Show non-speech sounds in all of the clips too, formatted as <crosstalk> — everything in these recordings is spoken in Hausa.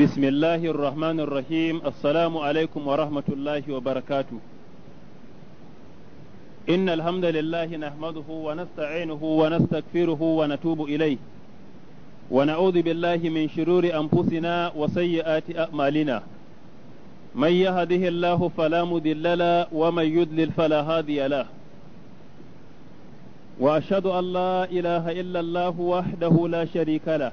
بسم الله الرحمن الرحيم السلام عليكم ورحمة الله وبركاته إن الحمد لله نحمده ونستعينه ونستغفره ونتوب إليه ونعوذ بالله من شرور أنفسنا وسيئات أعمالنا من يهده الله فلا مضل له ومن يضلل فلا هادي له وأشهد أن لا إله إلا الله وحده لا شريك له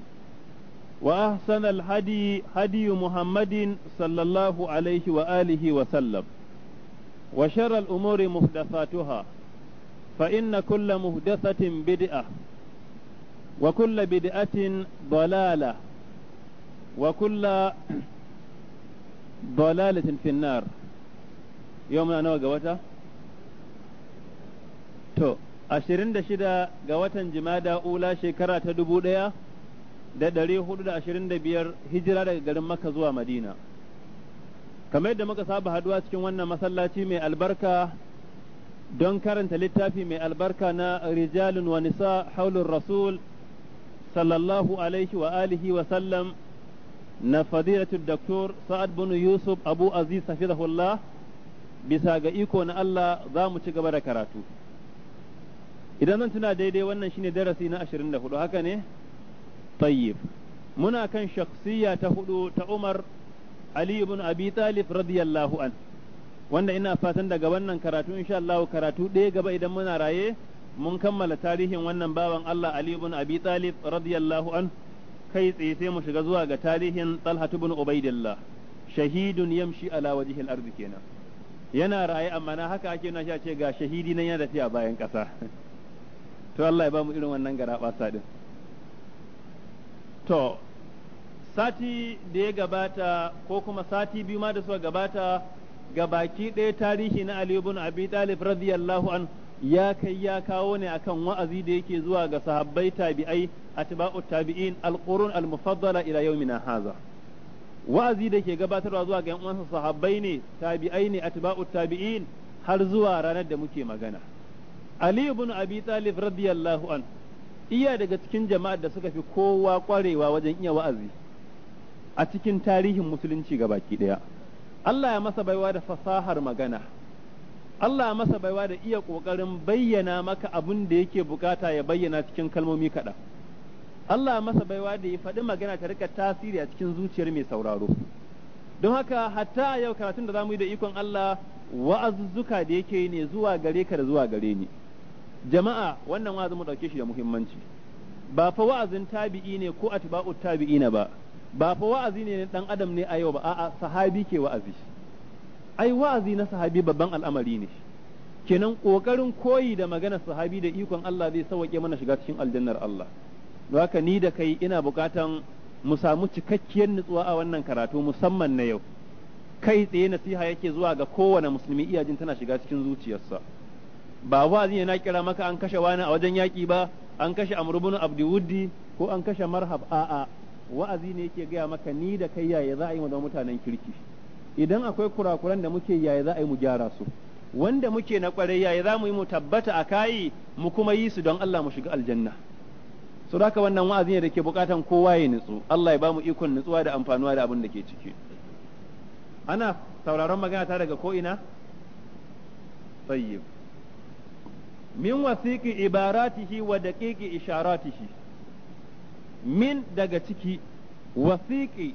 وأحسن الهدي هدي محمد صلى الله عليه وآله وسلم وشر الأمور محدثاتها فإن كل محدثة بدعة وكل بدعة ضلالة وكل ضلالة في النار يومنا نوى قوتا تو أشرين دشدا قوتا جمادا أولى شكرة دبودية da ɗari hudu da ashirin da biyar hijira daga garin maka zuwa madina kamar yadda muka saba haduwa cikin wannan masallaci mai albarka don karanta littafi mai albarka na rijalun wa nisa haulun rasul sallallahu alaihi wa alihi wa sallam na fadilatul doktor sa'ad bin yusuf abu aziz hafizahullah bisa ga iko na Allah za mu ci gaba da karatu idan zan tuna daidai wannan shine darasi na 24 haka ne tayyib muna kan shakhsiya ta hudu ta Umar Ali ibn Abi Talib radiyallahu an wanda ina fatan daga wannan karatu insha Allah karatu ɗaya gaba idan muna raye mun kammala tarihin wannan bawan Allah Ali ibn Abi Talib radiyallahu an kai tsaye sai mu shiga zuwa ga tarihin Talha ibn Ubaidillah shahidun yamshi ala wajhil ardi kenan yana raye amma na haka ake na sha ce ga shahidi na yana a bayan kasa to Allah ya ba mu irin wannan gara din to sati da ya gabata ko kuma sati biyu ma da suka gabata ga baki ɗaya tarihi na Ali ibn Abi Talib radiyallahu an ya kai ya kawo ne akan wa'azi da yake zuwa ga sahabbai tabi'ai atba'u tabi'in alqurun almufaddala ila yawmina haza wa'azi da ke gabatarwa zuwa ga yan sahabbai ne tabi'ai ne atba'u tabi'in har zuwa ranar da muke magana Ali ibn Abi Talib radiyallahu anhu iya daga cikin jama'ar da suka fi kowa kwarewa wajen iya wa'azi a cikin tarihin musulunci ga baki ɗaya Allah ya masa baiwa da fasahar magana Allah ya masa baiwa da iya ƙoƙarin bayyana maka abin da yake bukata ya bayyana cikin kalmomi kaɗan Allah ya masa baiwa da ya faɗi magana ta rika tasiri a cikin zuciyar mai sauraro don haka hatta a yau karatun da zamu yi da ikon Allah wa'azuzzuka da yake ne zuwa gare ka da zuwa gare ni jama'a wannan wa'azin mu dauke shi da muhimmanci ba fa wa'azin tabi'i ne ko atba'ut tabi'ina ba ba fa wa'azi ne dan adam ne a yau ba a'a sahabi ke wa'azi ai wa'azi na sahabi babban al'amari ne kenan kokarin koyi da magana sahabi da ikon Allah zai sauke mana shiga cikin aljannar Allah haka ni da kai ina bukatan mu samu cikakkiyar nutsuwa a wannan karatu musamman na yau kai tsaye nasiha yake zuwa ga kowane musulmi iyajin tana shiga cikin zuciyarsa ba zai yana kira maka an kashe wani a wajen yaki ba an kashe amrubun abdiwuddi ko an kashe marhab a'a wa'azi ne yake gaya maka ni da kai yaya za a yi wa mutanen kirki idan akwai kurakuran da muke yaya za a yi mu gyara su wanda muke na kwarai yaya za mu yi mu tabbata a kayi mu kuma yi su don Allah mu shiga aljanna su haka wannan wa'azi ne da ke bukatan kowa ya nutsu Allah ya ba mu ikon nutsuwa da amfanuwa da abin da ke ciki ana sauraron magana ta daga ko ina tayyib min wasiqi ibaratihi wa daqiqi isharatihi min daga ciki wasiqi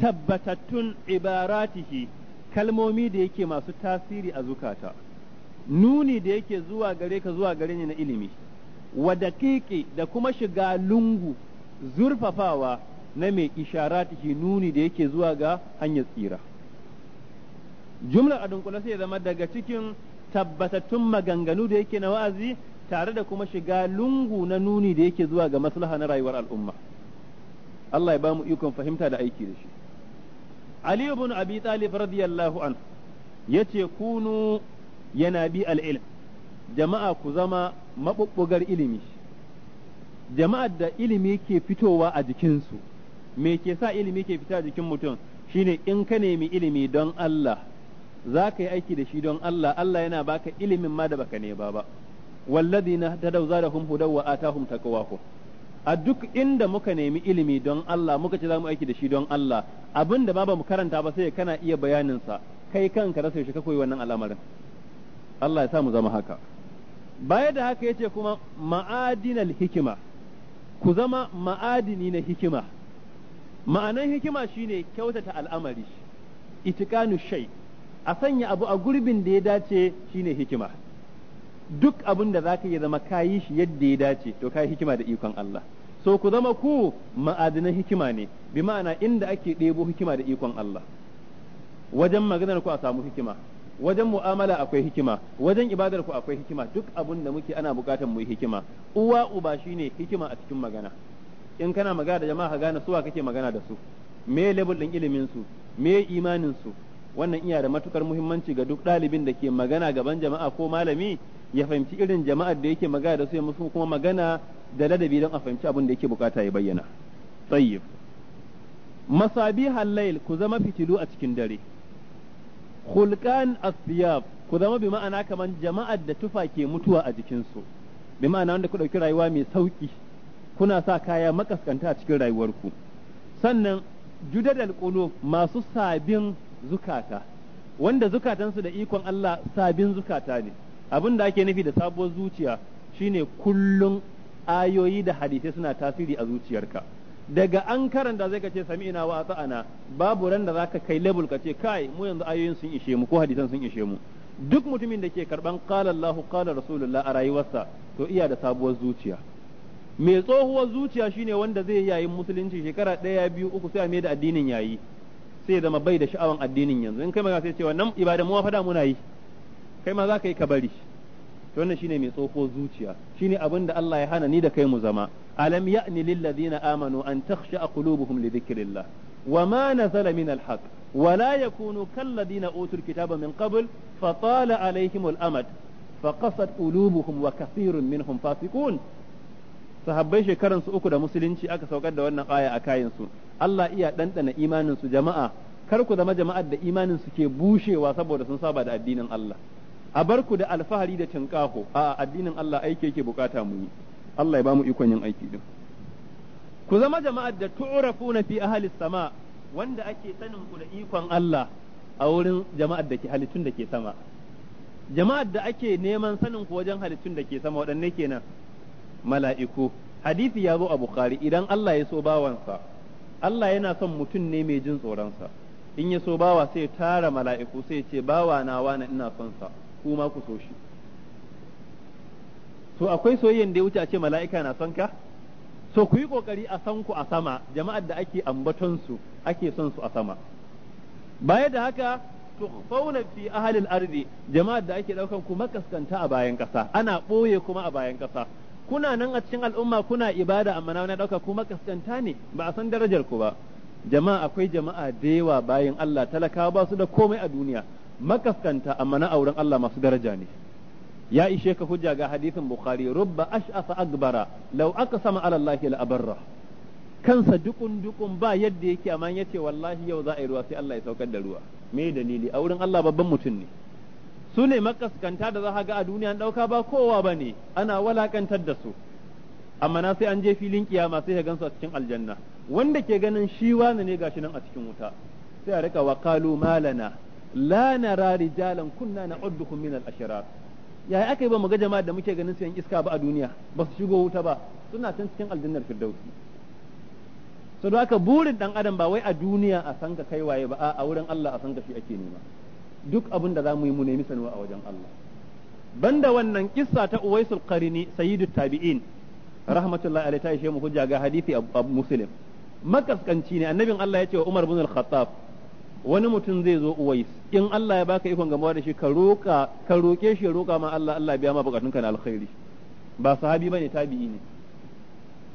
tabbatattun ibaratihi kalmomi da yake masu tasiri a zukata nuni da yake zuwa gare ka zuwa gare ni na ilimi wa daƙiƙi da kuma shiga lungu zurfafawa na mai isharatihi nuni da yake zuwa ga hanyar tsira jumla a dunkule sai zama daga cikin tabbatattun maganganu da yake na wa'azi tare da kuma shiga lungu na nuni da yake zuwa ga maslaha na rayuwar al'umma Allah ya ba mu ikon fahimta da aiki da shi Ali ibn Abi Talib radiyallahu an yace kunu yana bi al-ilm jama'a ku zama mabubbugar ilimi jama'a da ilimi ke fitowa a jikinsu me ke sa ilimi ke fita a jikin mutum shine in ka nemi ilimi don Allah za ka yi aiki da shi don Allah Allah yana baka ilimin ma da baka ne ba ba walladina tadaw zadahum hudaw wa atahum taqwahum a duk inda muka nemi ilimi don Allah muka ce za mu aiki da shi don Allah abin da ba mu karanta ba sai kana iya bayanin sa kai kanka rasa shi ka koyi wannan al'amarin Allah ya sa mu zama haka baya da haka yace kuma ma'adinal hikima ku zama ma'adini na hikima ma'anan hikima shine kyautata al'amari itikanu shay' a sanya abu a gurbin da ya dace shine hikima duk abin da zaka yi zama kayi shi yadda ya dace to kayi hikima da ikon Allah so ku zama ku ma'adinan hikima ne bi ma'ana inda ake ɗebo hikima da ikon Allah wajen maganar ku a samu hikima wajen mu'amala akwai hikima wajen ibadar ku akwai hikima duk abin da muke ana bukatar mu hikima uwa uba shine hikima a cikin magana in kana magana da jama'a ka gane suwa kake magana da su me level din ilimin su me imanin su wannan iya da matukar muhimmanci ga duk ɗalibin da ke magana gaban jama'a ko malami ya fahimci irin jama'ar da yake magana da su ya musu kuma magana da ladabi don a fahimci abin da yake bukata ya bayyana tsayyib masabihal layl ku zama fitilu a cikin dare khulqan asbiyab ku zama bi ma'ana kaman jama'ar da tufa ke mutuwa a jikinsu bi ma'ana wanda ku ɗauki rayuwa mai sauki kuna sa kaya makaskanta a cikin rayuwarku sannan judadal qulub masu sabin zukata wanda zukatansu da ikon Allah sabin zukata ne abin da ake nufi da sabuwar zuciya shine kullum ayoyi da hadisai suna tasiri a zuciyarka daga an karanta zai kace sami ina wa ana babu ran da zaka kai level ka ce kai mu yanzu ayoyin sun ishe mu ko hadisan sun ishe mu duk mutumin da ke karban qala Allah qala rasulullah a rayuwarsa to iya da sabuwar zuciya mai tsohuwar zuciya shine wanda zai yayin musulunci shekara ɗaya biyu uku sai a mai da addinin yayi sai ya zama bai da sha'awan addinin yanzu in kai magana sai ce wannan ibada mu fa da muna yi kai ma za ka yi ka bari to wannan shine mai tsoho zuciya shine abin da Allah ya hana ni da kai mu zama alam ya'ni lil ladina amanu an takhsha qulubuhum li dhikrillah wa ma nazala min al haqq wa la yakunu kal ladina utul kitaba min qabl fa tala alaihim al amad fa qasat qulubuhum wa kathirun minhum fasiqun sahabbai shekaran su uku da musulunci aka saukar da wannan aya a kayan su Allah iya dandana imanin su jama'a kar ku zama jama'ar da imanin su ke bushewa saboda sun saba da addinin Allah a bar ku da alfahari da tinkaho a addinin Allah aiki yake bukata mu yi Allah ya bamu ikon yin aiki din ku zama jama'ar da tu'rafuna fi ahli sama wanda ake sanin ku da ikon Allah a wurin jama'ar da ke halittun da ke sama jama'ar da ake neman sanin ku wajen halittun da ke sama waɗanne kenan mala'iku hadisi ya zo a bukhari idan Allah ya so bawansa Allah yana son mutum ne mai jin tsoronsa in ya so bawa sai tara mala'iku sai ce bawa na wani ina son sa kuma ku so shi to akwai soyayyen da ya wuce a ce mala'ika na son ka so ku yi kokari a san ku a sama jama'ar da ake ambaton ake son su a sama baya da haka fauna fi ahalil al-ardi jama'ar da ake daukan ku makaskanta a bayan kasa ana boye kuma a bayan kasa kuna nan a cikin al'umma kuna ibada amma na dauka ku makaskanta ne ba a san darajar ku ba jama'a akwai jama'a da yawa bayan Allah talakawa ba su da komai a duniya makaskanta amma na auren Allah masu daraja ne ya ishe ka hujja ga hadisin bukhari rubba ash'afa akbara law aqsama ala allahi la abarra kansa dukun dukun ba yadda yake amma yace wallahi yau za a yi ruwa sai Allah ya saukar da ruwa me dalili a wurin Allah babban mutum ne su ne makaskanta da za ga a duniya ɗauka ba kowa ba ne ana walakantar da su amma na sai an je filin kiyama sai ya gansu a cikin aljanna wanda ke ganin shi wani ne gashi nan a cikin wuta sai a rika wa kalu malana la nara rijalan kunna na'udduhum min al-ashrar yaya aka ba mu ga jama'a da muke ganin su yan iska ba a duniya ba su shigo wuta ba suna can cikin aljannar firdausi saboda haka burin dan adam ba wai a duniya a san ka kai waye ba a wurin Allah a san ka shi ake nema duk abin da za mu yi mu nemi sanuwa a wajen Allah banda wannan kissa ta Uwaisul Qarini sayyidu tabi'in rahmatullahi alaihi ta ishe mu hujja ga hadisi abu Muslim makaskanci ne annabin Allah ya ce wa Umar ibn al-Khattab wani mutum zai zo Uwais in Allah ya baka ikon gamawa da shi ka roka ka roke shi ya roka ma Allah Allah biya ma bukatunka na alkhairi ba sahabi bane tabi'i ne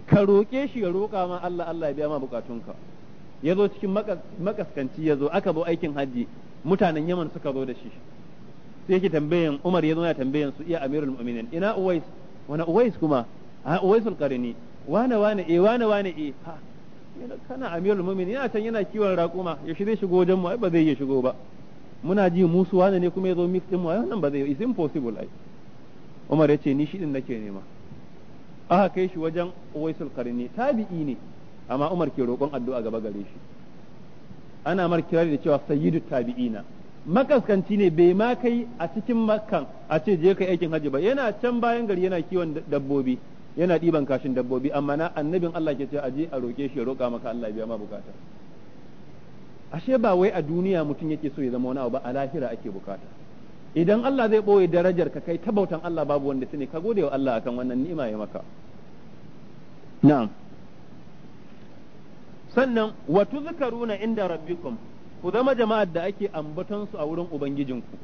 ka roke shi ya roka ma Allah Allah biya ma bukatunka ya zo cikin makaskanci ya zo aka zo aikin hajji mutanen yaman suka zo da shi sai yake tambayan umar ya zo ya tambayan su iya amirul mu'minin ina uwais wani uwais kuma a uwaisul karini wane wane eh wane wane eh ha kana amirul mu'minin yana can yana kiwon raƙuma ya shi zai shigo wajen mu ai ba zai iya shigo ba muna ji musu wane ne kuma ya zo mix din mu ai wannan ba zai is impossible ai umar ya ce ni shi din nake nema aka kai shi wajen uwaisul karini tabi'i ne amma Umar ke roƙon addu'a gaba gare shi ana markira da cewa sayyidu tabi'ina makaskanci ne bai ma kai a cikin makkan a ce je kai aikin hajji ba yana can bayan gari yana kiwon dabbobi yana ɗiban kashin dabbobi amma na annabin Allah ke ce aje a roƙe shi ya roƙa maka Allah biya ma bukata ashe ba wai a duniya mutum yake so ya zama wani abu ba a lahira ake bukata idan Allah zai ɓoye darajar ka kai ta Allah babu wanda su ne ka gode wa Allah akan wannan ni'ima ya maka na'am sannan wa na inda rabbikum ku zama jama'ar da ake ambaton su a wurin ubangijinku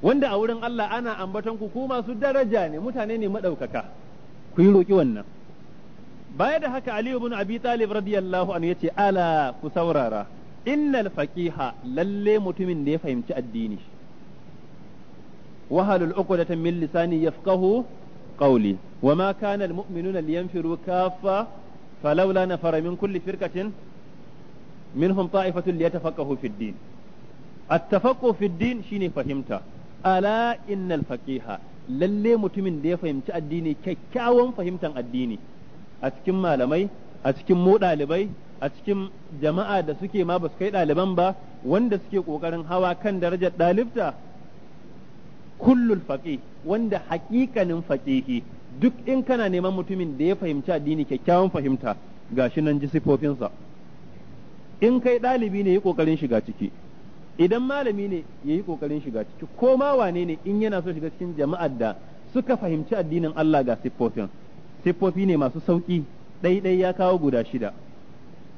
wanda a wurin Allah ana ambaton ku ku masu daraja ne mutane ne madaukaka ku yi roki wannan baya da haka Ali ibn Abi Talib radiyallahu anhu yace ala ku saurara innal faqiha lalle mutumin da ya fahimci addini wahalul uqdatan min lisani yafqahu qawli wama kana almu'minuna liyanfiru kaffa فلولا نفر من كل فرقة منهم طائفة ليتفقهوا في الدين التفقه في الدين شيني فهمته ألا إن الفقيه lalle mutumin da ya fahimci addini kyakkyawan fahimtar addini a cikin malamai a cikin mu ɗalibai a cikin jama'a da suke ma basu kai ɗaliban ba wanda suke ƙoƙarin hawa kan darajar ɗalibta kullul faƙi wanda haƙiƙanin faƙihi duk in kana neman mutumin da ya fahimci addini kyakkyawan fahimta gashi nan ji sifofinsa in kai ɗalibi ne yi ƙoƙarin shiga ciki idan malami ne ya yi ƙoƙarin shiga ciki ko ma wane ne in yana so shiga cikin jama'ar da suka fahimci addinin Allah ga siffofin siffofi ne masu sauƙi ɗaiɗai ya kawo guda shida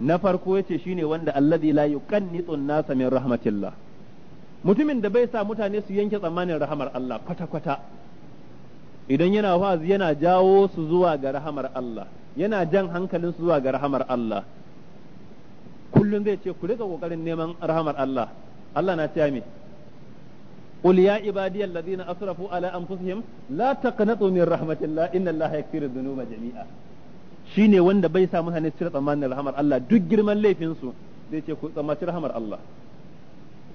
na farko ya ce shine wanda Allah allazi la yuqannitu nasa min rahmatillah mutumin da bai sa mutane su yanke tsammanin rahamar Allah kwata-kwata idan yana wa'azi yana jawo su zuwa ga rahamar Allah yana jan hankalin su zuwa ga rahamar Allah kullum zai ce ku rika kokarin neman rahamar Allah Allah na cewa me qul ya ibadiyal ladina asrafu ala anfusihim la taqnatu min rahmatillah inna Allah الله dhunuba jami'a shine wanda bai sa mutane cire tsammanin rahamar Allah duk girman laifin su zai ce ku tsammaci rahamar Allah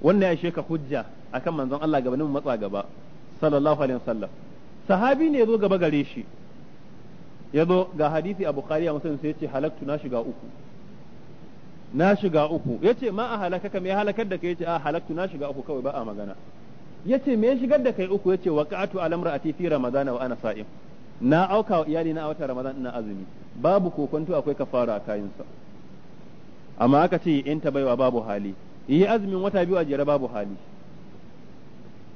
wannan ya sheka hujja akan manzon Allah mu matsa gaba sallallahu alaihi wasallam sahabi ne ya zo gaba gare shi ya zo ga hadisi a bukari a musulun sai ya ce halaktu na shiga uku na shiga uku ya ce ma a halakaka me halakar da kai ya ce a ah, halaktu na shiga uku kawai ba a magana ya ce me shigar da kai uku ya ce waqa'atu alamra ati fi ramadana wa ana sa'im na auka wa iyali na a watan ramadan ina azumi babu kokonto akwai kafara a kayansa amma aka ce in ta baiwa babu hali yi azumin wata biyu a jere babu hali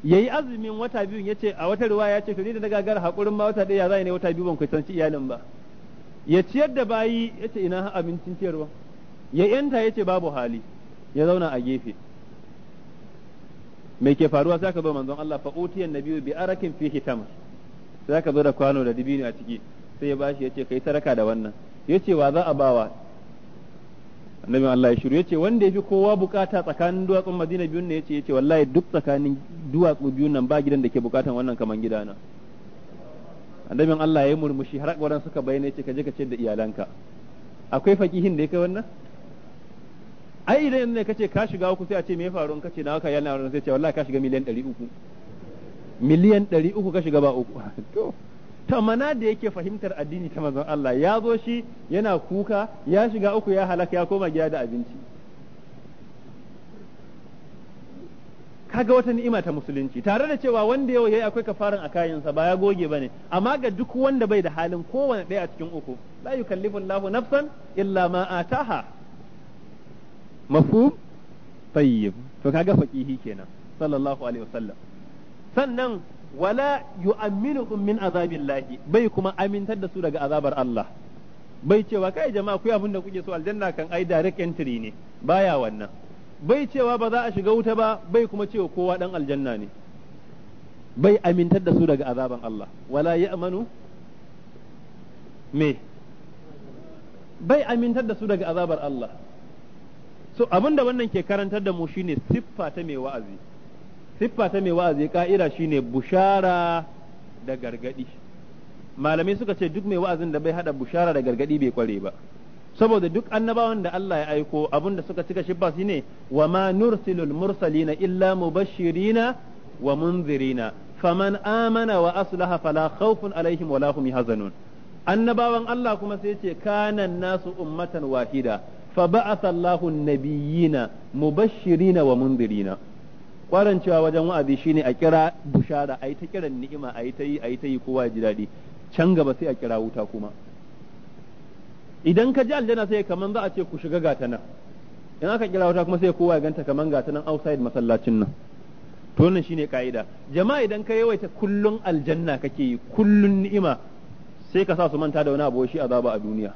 yayi azumin wata biyu yace a wata riwaya yace to ni da na gagara hakurin ma wata daya zai ne wata biyu ban ci iyalin ba ya ciyar da bayi yace ina abincin ciyarwa ya yanta yace babu hali ya zauna a gefe me ke faruwa sai ka bar manzon Allah fa utiyan nabiyyu bi arakin fi hitama sai ka zo da kwano da dibini a ciki sai ya bashi yace kai saraka da wannan yace wa za a bawa annabi Allah ya shiru yace wanda yafi kowa bukata tsakanin duwatsun Madina biyun ne yace yace wallahi duk tsakanin duwatsu biyu nan ba gidan da ke bukatan wannan kaman gidana annabin Allah ya yi murmushi har wadan suka bayyana ce ka je ka ce da iyalanka akwai fakihin da ya kai wannan ai idan ne ce ka shiga uku sai a ce me ya faru ce na ka yana wannan sai ce wallahi ka shiga miliyan 300 miliyan 300 ka shiga ba uku <laughs> to mana da yake fahimtar addini ta manzon Allah ya zo shi yana kuka ya shiga uku ya halaka ya koma gida da abinci kaga wata ni'ima ta musulunci tare da cewa wanda yau yayi akwai kafaran a kayansa ba ya goge bane amma ga duk wanda bai da halin kowane ɗaya a cikin uku la yukallifu Allahu nafsan illa ma ataha mafhum tayyib to kaga faqihi kenan sallallahu alaihi wasallam sannan wala yu'minuhum min azabillahi bai kuma amintar da su daga azabar Allah bai cewa kai jama'a ku abin da kuke so aljanna kan ai direct entry ne baya wannan bai cewa ba za a shiga wuta ba bai kuma cewa kowa dan aljanna ne bai amintar da su daga azaban Allah wala ya'manu me bai amintar da su daga azabar Allah so abinda wannan ke karantar da mu shine siffa ta mai wa'azi siffa ta mai wa'azi ka'ira shine bushara da gargadi malamai suka ce duk mai wa'azin da bai hada bushara da gargadi bai kware ba saboda duk annabawan da Allah ya aiko abin da suka cika shi ba ne wa ma nursilul mursalina illa mubashirina wa munzirina faman amana wa aslaha fala khawfun alaihim wala hum yahzanun annabawan Allah kuma sai ce kana nasu ummatan wahida fa ba'atha Allahu nabiyina mubashirina wa munzirina kwaran cewa wajen wa'azi shine a kira bushara ayi ta kiran ni'ima ayi ta yi ayi ta yi kowa ji daɗi can gaba sai a kira wuta kuma idan ka ji aljanna sai kaman za a ce ku shiga gata nan in aka kira wata kuma sai kowa ya ganta kaman gata nan outside masallacin nan to wannan shine ka'ida jama'a idan ka yawaita kullun aljanna kake yi kullun ni'ima sai ka sa su manta da wani abu shi azaba a duniya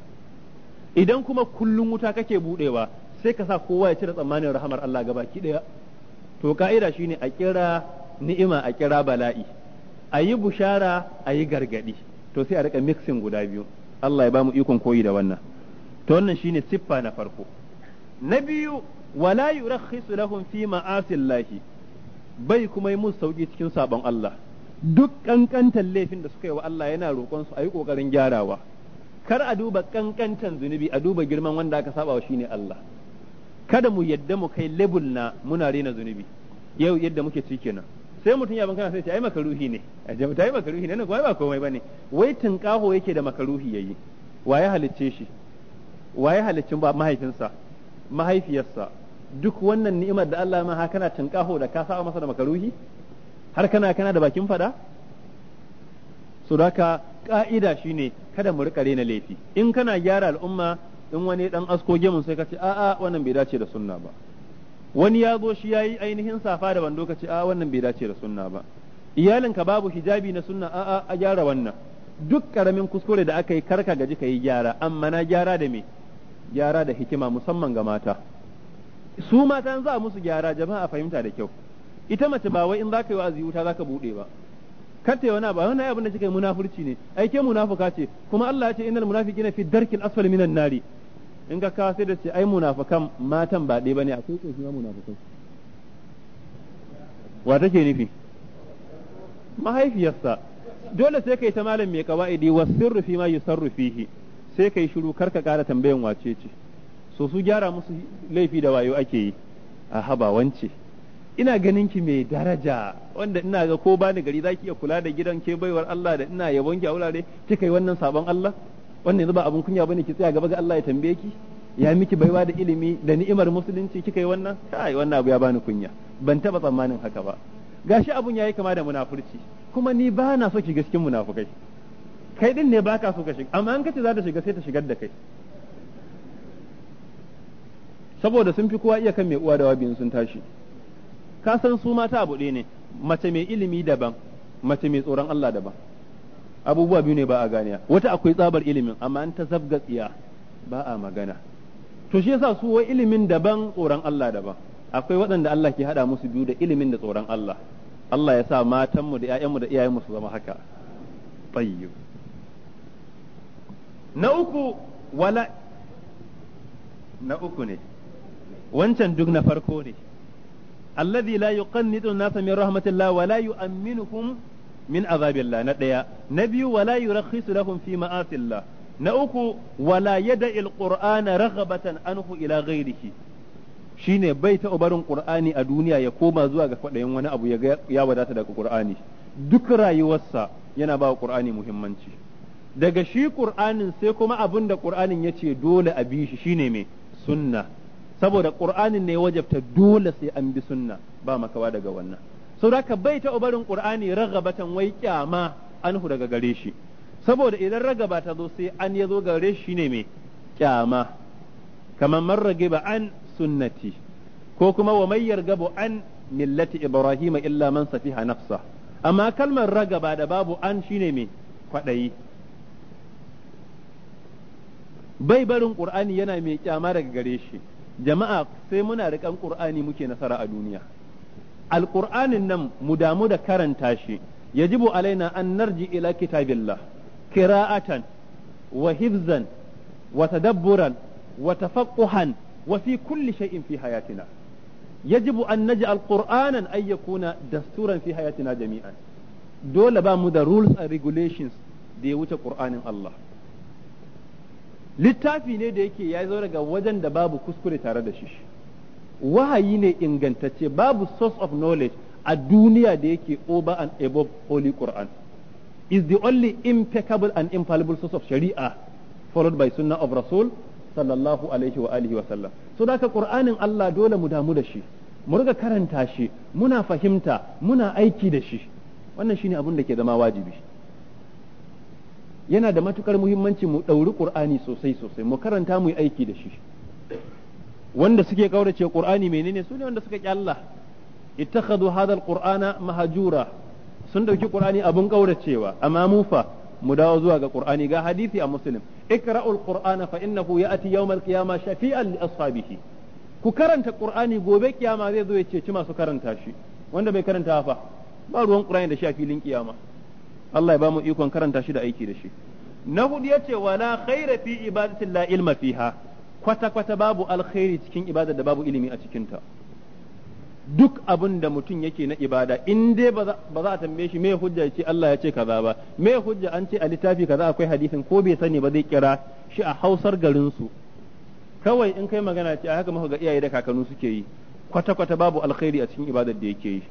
idan kuma kullun wuta kake budewa sai ka sa kowa ya cire tsammanin rahamar Allah gabaki daya to ka'ida shine a kira ni'ima a kira bala'i a yi bushara a yi gargadi to sai a rika mixing guda biyu Allah ya ba mu ikon koyi da wannan to wannan shine siffa na farko na biyu wala yurakhisu lahum fi ma'asillahi bai kuma yi sauki cikin sabon Allah duk ƙanƙantan laifin da suka yi wa Allah yana roƙon su a yi ƙoƙarin gyarawa kar a duba kankantan zunubi a duba girman wanda aka saba wa shine Allah kada mu yadda mu kai lebul na muna rena zunubi yau yadda muke ci kenan sai mutum ya bankana sai ce ai makaruhi ne a ce ta yi makaruhi ne kuma ba komai bane wai tunkaho yake da makaruhi yayi waye halicce shi waye haliccin ba mahaifinsa mahaifiyarsa duk wannan ni'imar da Allah ma haka kana tunkaho da ka sa masa da makaruhi har kana kana da bakin fada so haka ka'ida shine kada mu rika rena laifi in kana gyara al'umma in wani dan asko gemun sai ka ce a'a wannan bai dace da sunna ba wani ya zo shi ya yi ainihin safa da wando kace a wannan bai dace da sunna ba iyalinka babu hijabi na sunna a a a gyara wannan duk karamin kuskure da aka yi karka gaji ka yi gyara amma na gyara da me gyara da hikima musamman ga mata su mata za a musu gyara jama'a fahimta da kyau ita mace ba wai in za ka yi wa'azi wuta za ka bude ba katta wani ba wani abin da kika yi munafurci ne ai munafuka ce kuma Allah ya ce innal munafiqina fi darkil asfali minan nari in ka kawo sai da ce ai munafukan matan ba ɗaya ba ne akwai tsofi ma munafukan wa take nufi mahaifiyarsa dole sai kai ta malam mai kawaidi wa sirru fi ma yusarru fihi sai kai shiru kar ka kara tambayan wace ce so su gyara musu laifi da wayo ake yi a haba wance ina ganin ki mai daraja wanda ina ga ko bani gari zaki iya kula da gidan ke baiwar Allah da ina yabon ki a wurare kika yi wannan sabon Allah wannan yanzu ba abin kunya bane ki tsaya gaba ga Allah ya tambaye ki ya miki baiwa da ilimi da ni'imar musulunci kika yi wannan kai wannan abu ya bani kunya ban taba tsammanin haka ba gashi abun yayi kama da munafurci kuma ni ba na so ki ga cikin munafukai kai din ne baka so ka shiga amma an kace za ta shiga sai ta shigar da kai saboda sun fi kowa iya kan mai uwa da wabin sun tashi ka san su mata abu ne mace mai ilimi daban mace mai tsoron Allah daban abubuwa biyu ne ba a ganiya wata akwai tsabar ilimin amma an ta zabga tsiya ba a magana to shi yasa su wai ilimin daban tsoron Allah daban akwai waɗanda Allah ke hada musu biyu da ilimin da tsoron Allah Allah ya sa matanmu da 'ya'yanmu da iyayenmu su zama haka tayyib na uku wala na uku ne wancan duk na farko ne alladhi la yuqannitu an-nasa min rahmatillah wa la yu'minuhum min azabillah na ɗaya na biyu wala yurakhisu lahum fi ma'asillah na uku wala yada alqur'ana raghabatan anhu ila ghayrihi shine bai ta barin qur'ani a duniya ya koma zuwa ga kwadayin wani abu ya wadata da qur'ani duk rayuwarsa yana ba qur'ani muhimmanci daga shi qur'anin sai kuma abin da qur'anin yace dole a bi shi shine me sunna saboda qur'anin ne wajabta dole sai an bi sunna ba makawa daga wannan saboda bai ta barin qur'ani ragabatan wai kyama an anhu daga gare shi saboda idan ragaba ta zo sai an ya zo gare shi ne mai kyama kamar man ragiba an sunnati ko kuma wa mai yargabu an millati ibrahima illa man safiha nafsa amma kalmar ragaba da babu an shine mai kwaɗayi bai barin ƙur'ani yana mai kyama daga gare shi jama'a sai muna riƙan ƙur'ani muke nasara a duniya Alƙur'anin nan mu damu da karanta shi yajibu alaina an narji ila kitabillah qira'atan wa hifzan wa tadabburan wa tafaqquhan wa fi kulli shay'in fi hayatina yajibu an naj'al qur'anan ay yakuna dasturan fi hayatina jami'an dole ba mu da rules and regulations da ya wuce qur'anin Allah littafi ne da yake ya zo daga wajen da babu kuskure tare da shi wahayi ne ingantacce babu source of knowledge a duniya da yake over and above holy Quran is the only impeccable and infallible source of sharia followed by sunnah of rasul sallallahu alaihi wa alihi wa sallam so da haka qur'anin Allah dole mu damu da shi mu riga karanta shi muna fahimta muna aiki da shi wannan shine abin da ke zama wajibi yana da matukar muhimmanci mu ɗauri qur'ani sosai sosai mu karanta mu yi aiki da shi wanda suke kaurace qur'ani menene su ne wanda suka ki Allah ittakhadhu hadha alqur'ana mahjura sun dauki qur'ani abun kauracewa amma mufa mu dawo zuwa ga qur'ani ga hadisi a muslim ikra'ul qur'ana fa innahu ya'ti yawm alqiyama shafi'an li ashabihi ku karanta qur'ani gobe kiyama zai zo ya ci masu karanta shi wanda bai karanta fa ba ruwan qur'ani da shi a filin kiyama Allah ya ba mu ikon karanta shi da aiki da shi na hudu yace wala khaira fi ibadati la ilma fiha kwata-kwata babu alkhairi cikin ibada da babu ilimi a cikinta duk abin da mutum yake na ibada in dai ba za a tambaye shi me hujja ce Allah ya ce kaza ba me hujja an ce a littafi kaza akwai hadisin ko bai sani ba zai kira shi a hausar garin su kawai in kai magana ce a haka muka ga iyaye da kakannu suke yi kwata-kwata babu alkhairi a cikin ibadar da yake yi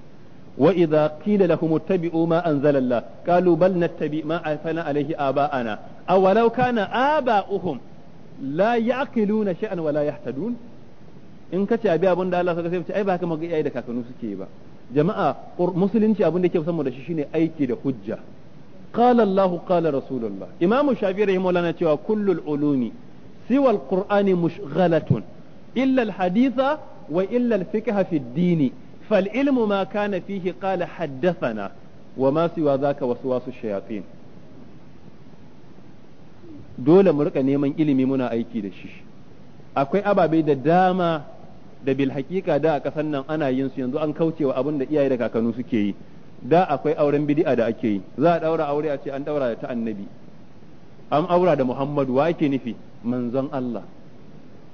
وإذا قيل لهم اتبعوا ما أنزل الله قالوا بل نتبع ما أرسلنا عليه آباءنا أولو kana aba'uhum la yaqiluna sha'an wala yahtadun in ka ce abi abin da Allah saka sai ce ai ba haka maga iyaye da kakannu ba jama'a musulunci abin da yake samu da shi shine aiki da hujja qala Allah qala rasulullah imamu shafi rahimahullah cewa kullul ulumi siwa alqur'ani mushghalatun illa hadisa wa illa alfiqha fi fal din فالعلم ما كان فيه قال حدثنا وما سوى wasu وسواس الشياطين dole mu rika neman ilimi muna aiki da shi akwai ababe da dama da bil hakika da a kasan nan ana yin su yanzu an kaucewa abin da iyaye da kakannu suke yi da akwai auren bid'a da ake yi za a daura aure a ce an daura da ta annabi an aura da muhammadu wa ake nufi manzon Allah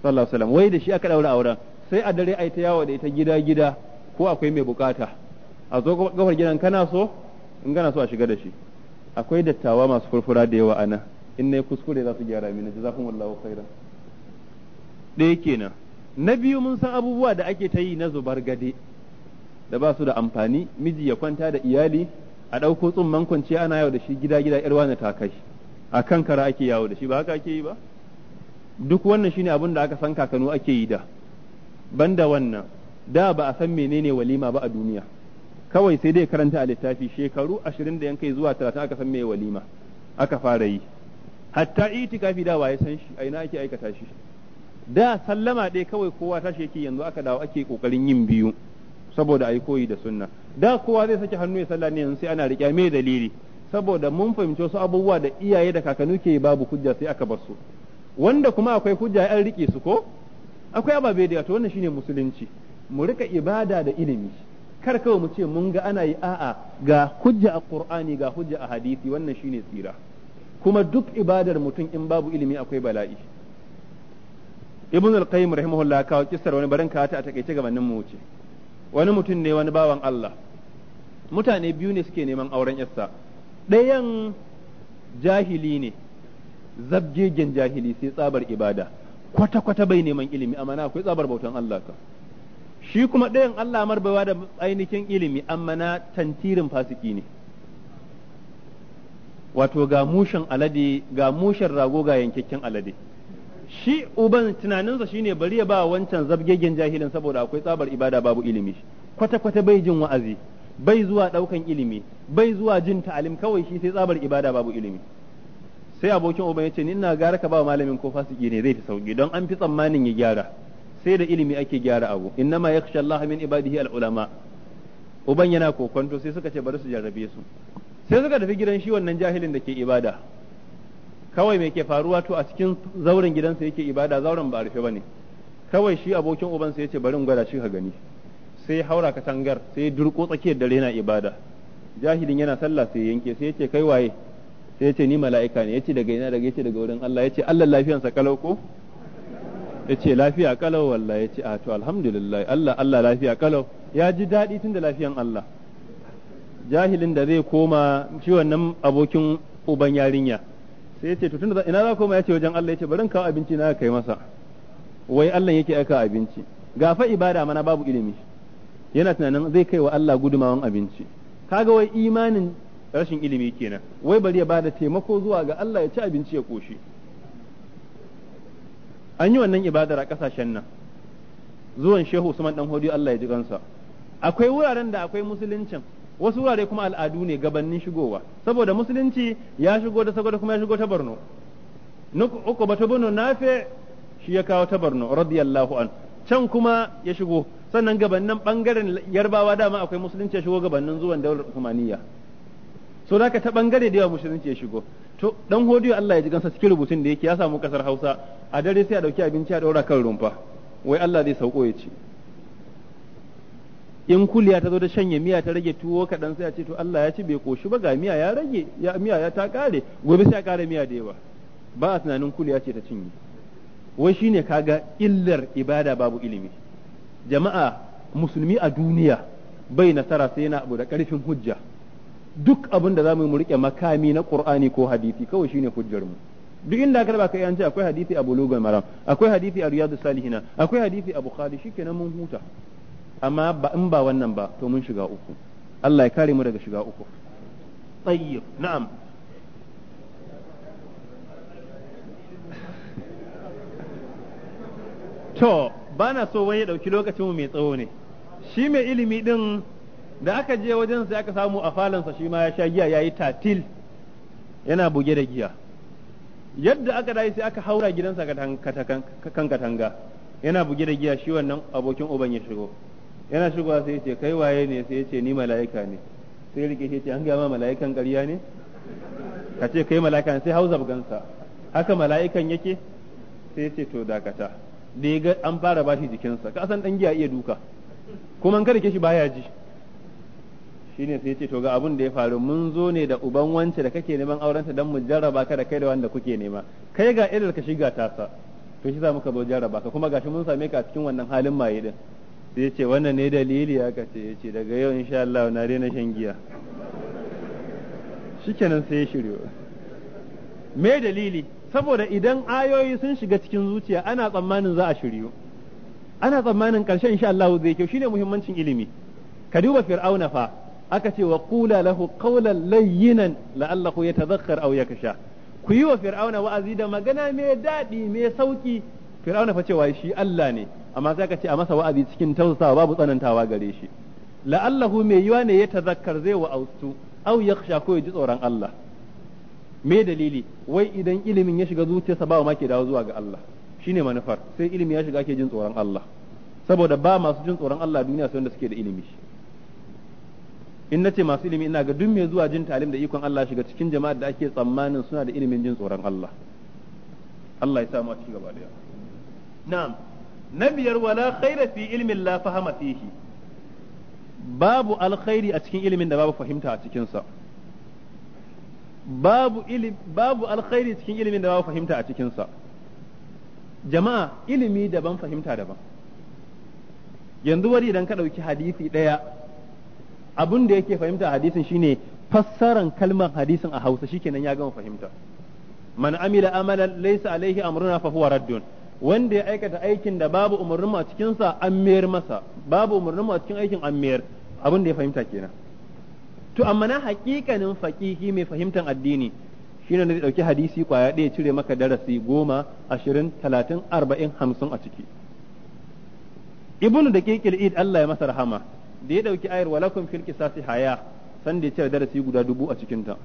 sallallahu alaihi wasallam wai da shi aka daura auren sai a dare ai ta yawo da ita gida gida ko akwai mai bukata a zo gafar gidan kana so in kana so a shiga da shi akwai dattawa masu furfura da yawa a nan in na yi kuskure za su gyara mini jazakumullahu khairan ɗaya kenan na biyu mun san abubuwa da ake ta yi na zubar gade da ba su da amfani miji ya kwanta da iyali a ɗauko tsumman kwanciya ana yawo da shi gida gida yar wani ta kai a kan kara ake yawo da shi ba haka ake yi ba duk wannan shine abin da aka san kakanu ake yi da banda wannan da ba a san menene walima ba a duniya kawai sai dai karanta a littafi shekaru ashirin da yankai zuwa talatin aka san meye walima aka fara yi hatta itikafi da waye san shi a ina ake aikata shi da sallama ɗaya kawai kowa tashi yake yanzu aka dawo ake kokarin yin biyu saboda ayi koyi da sunna da kowa zai saki hannu ya sallah ne yanzu sai ana riƙe mai dalili saboda mun fahimci wasu abubuwa da iyaye da kakanni ke babu hujja sai aka bar su wanda kuma akwai hujja an rike su ko akwai ababe da to wannan shine musulunci mu rika ibada da ilimi kar kawai mu ce mun ga ana yi a'a ga hujja a qur'ani ga hujja a hadisi wannan shine tsira kuma duk ibadar mutum in babu ilimi akwai bala'i ibn al-qayyim rahimahullah kawo kissar wani barin kawata a takeice gabanin mu wuce wani mutum ne wani bawan Allah mutane biyu ne suke neman auren yarsa ɗayan jahili ne zabgegen jahili sai tsabar ibada kwata-kwata bai neman ilimi amma na akwai tsabar bautan Allah ka shi kuma ɗayan Allah marbawa da ainihin ilimi amma na tantirin fasiki ne wato ga mushin alade ga mushin rago ga yankakken alade shi uban tunaninsa shine bari ya ba wancan zabgegen jahilin saboda akwai tsabar ibada babu ilimi kwata kwata bai jin wa'azi bai zuwa daukan ilimi bai zuwa jin ta'alim kawai shi sai tsabar ibada babu ilimi sai abokin uban yace ni ina gara ka ba malamin ko fasiki ne zai fi sauki don an fi tsammanin ya gyara sai da ilimi ake gyara abu ma yakhsha Allah min ibadihi al ulama uban yana kokonto sai suka ce bari su jarrabe su sai suka tafi gidan shi wannan jahilin da ke ibada kawai me ke faruwa to a cikin zauren gidansa yake ibada zauren ba a rufe bane kawai shi abokin ubansa yace bari in gwada shi ka gani sai ya haura katangar sai ya durko tsakiyar dare yana ibada jahilin yana sallah sai yanke sai yace kai waye sai yace ni mala'ika ne yace daga ina daga yace daga wurin Allah yace Allah lafiyansa kalau ko yace lafiya kalau wallahi yace a to alhamdulillah Allah Allah lafiya kalau ya ji daɗi tunda lafiyan Allah jahilin da zai koma shi wannan abokin uban yarinya sai ya ce to tunda ina za koma ya ce wajen Allah ya ce bari kawo abinci na kai masa wai Allah yake aika abinci gafa ibada mana babu ilimi yana tunanin zai kai wa Allah gudumawan abinci kaga wai imanin rashin ilimi kenan wai bari ya bada taimako zuwa ga Allah ya ci abinci ya koshi an yi wannan ibadar a kasashen nan zuwan shehu Usman dan hodi Allah ya ji gansa akwai wuraren da akwai musuluncin wasu wurare kuma al'adu ne gabannin shigowa saboda musulunci ya shigo da sagoda kuma ya shigo ta barno nuku uku ba ta Borno nafe shi ya kawo ta barno radiyallahu an can kuma ya shigo sannan gabannin bangaren yarbawa dama akwai musulunci ya shigo gabannin zuwan daular Usmaniyya so da ta bangare da yawa musulunci ya shigo to dan hodiyo Allah ya ji gansa cikin rubutun da yake ya samu kasar Hausa a dare sai a dauki abinci a daura kan rumfa wai Allah zai sauko ya ce in kuliya ta zo da shanye miya ta rage tuwo kaɗan sai a ce to Allah ya ci bai koshi ba ga miya ya rage ya miya ya ta ƙare gobe sai ya ƙara miya da yawa ba a tunanin kuliya ce ta cinye wai shine kaga illar ibada babu ilimi jama'a musulmi a duniya bai nasara sai yana abu da ƙarfin hujja duk abin da zamu mu rike makami na Qur'ani ko hadisi kawai shine hujjar mu duk inda ka ba kai an ce akwai hadisi a Bulughul Maram akwai hadisi a Riyadus salihina akwai hadisi a Bukhari shikenan mun huta amma ba in ba wannan ba to mun shiga uku Allah ya kare mu daga shiga uku tayyib na'am to ba na so wani ya ɗauki lokacin mu mai tsawo ne shi mai ilimi din da aka je wajen sai aka samu a falansa shi ma ya sha giya yayi tatil yana buge da giya yadda aka dai sai aka haura gidansa kan katanga yana buge da giya shi wannan abokin uban ya shigo yana shigowa sai ce kai waye ne sai ce ni mala'ika ne sai rike shi ce an gama mala'ikan ƙarya ne ka ce kai mala'ika sai hausa bugansa haka mala'ikan yake sai ce to dakata da ya ga an fara bashi jikinsa ka san dan giya iya duka kuma an karke shi baya ji shine sai ce to ga abun da ya faru mun zo ne da uban wance da kake neman auren ta dan mu jarraba ka da kai da wanda kuke nema kai ga irin ka shiga tasa to shi za muka zo jarraba ka kuma gashi mun same ka a cikin wannan halin maye din sai ce wannan ne dalili aka ce ya ce daga yau insha Allah na daina shan giya shikenan sai ya shiryo me dalili saboda idan ayoyi sun shiga cikin zuciya ana tsammanin za a shiryo ana tsammanin karshe insha Allah zai kyau shine muhimmancin ilimi ka duba fir'auna fa aka ce wa qula lahu qawlan layyinan la'allahu yatadhakkar aw yaksha ku yi wa fir'auna wa'azi da magana mai daɗi mai sauki fir'auna fa cewa shi Allah ne amma sai ka ce a masa wa'azi cikin tausasawa babu tsanantawa gare shi la'allahu mai yiwa ne ya tazakkar zai au ya kusha ko ya ji tsoron Allah me dalili wai idan ilimin ya shiga zuciyarsa ba ma ke dawo zuwa ga Allah shine manufar sai ilimi ya shiga ke jin tsoron Allah saboda ba masu jin tsoron Allah duniya sai wanda suke da ilimi in na ce masu ilimi ina ga duk mai zuwa jin talim da ikon Allah shiga cikin jama'ar da ake tsammanin suna da ilimin jin tsoron Allah Allah ya sa mu a cikin gaba da نعم na biyar wala khaira fi ilmin la fahama fihi babu alkhairi a cikin ilimin da babu fahimta a cikin sa cikin sa jama'a ilimi daban fahimta daban yanzu wari idan ka dauki hadisi daya abin da yake fahimta hadisin shine fassaran kalmar hadisin a Hausa shikenan ya gama fahimta man amila amalan laysa alaihi amruna fa huwa raddun wanda ya aikata aikin da babu umarnin a cikin sa an mayar masa babu umarnin a cikin aikin an mayar abin da ya fahimta kenan to amma na hakikanin faqihi mai fahimtar addini shine ne dauki hadisi kwaya ɗaya cire maka darasi goma ashirin talatin arba'in hamsin a ciki ibnu da kekil id Allah ya masa rahama da ya dauki ayar walakum fil qisasi haya san da ya cire darasi guda dubu a cikin da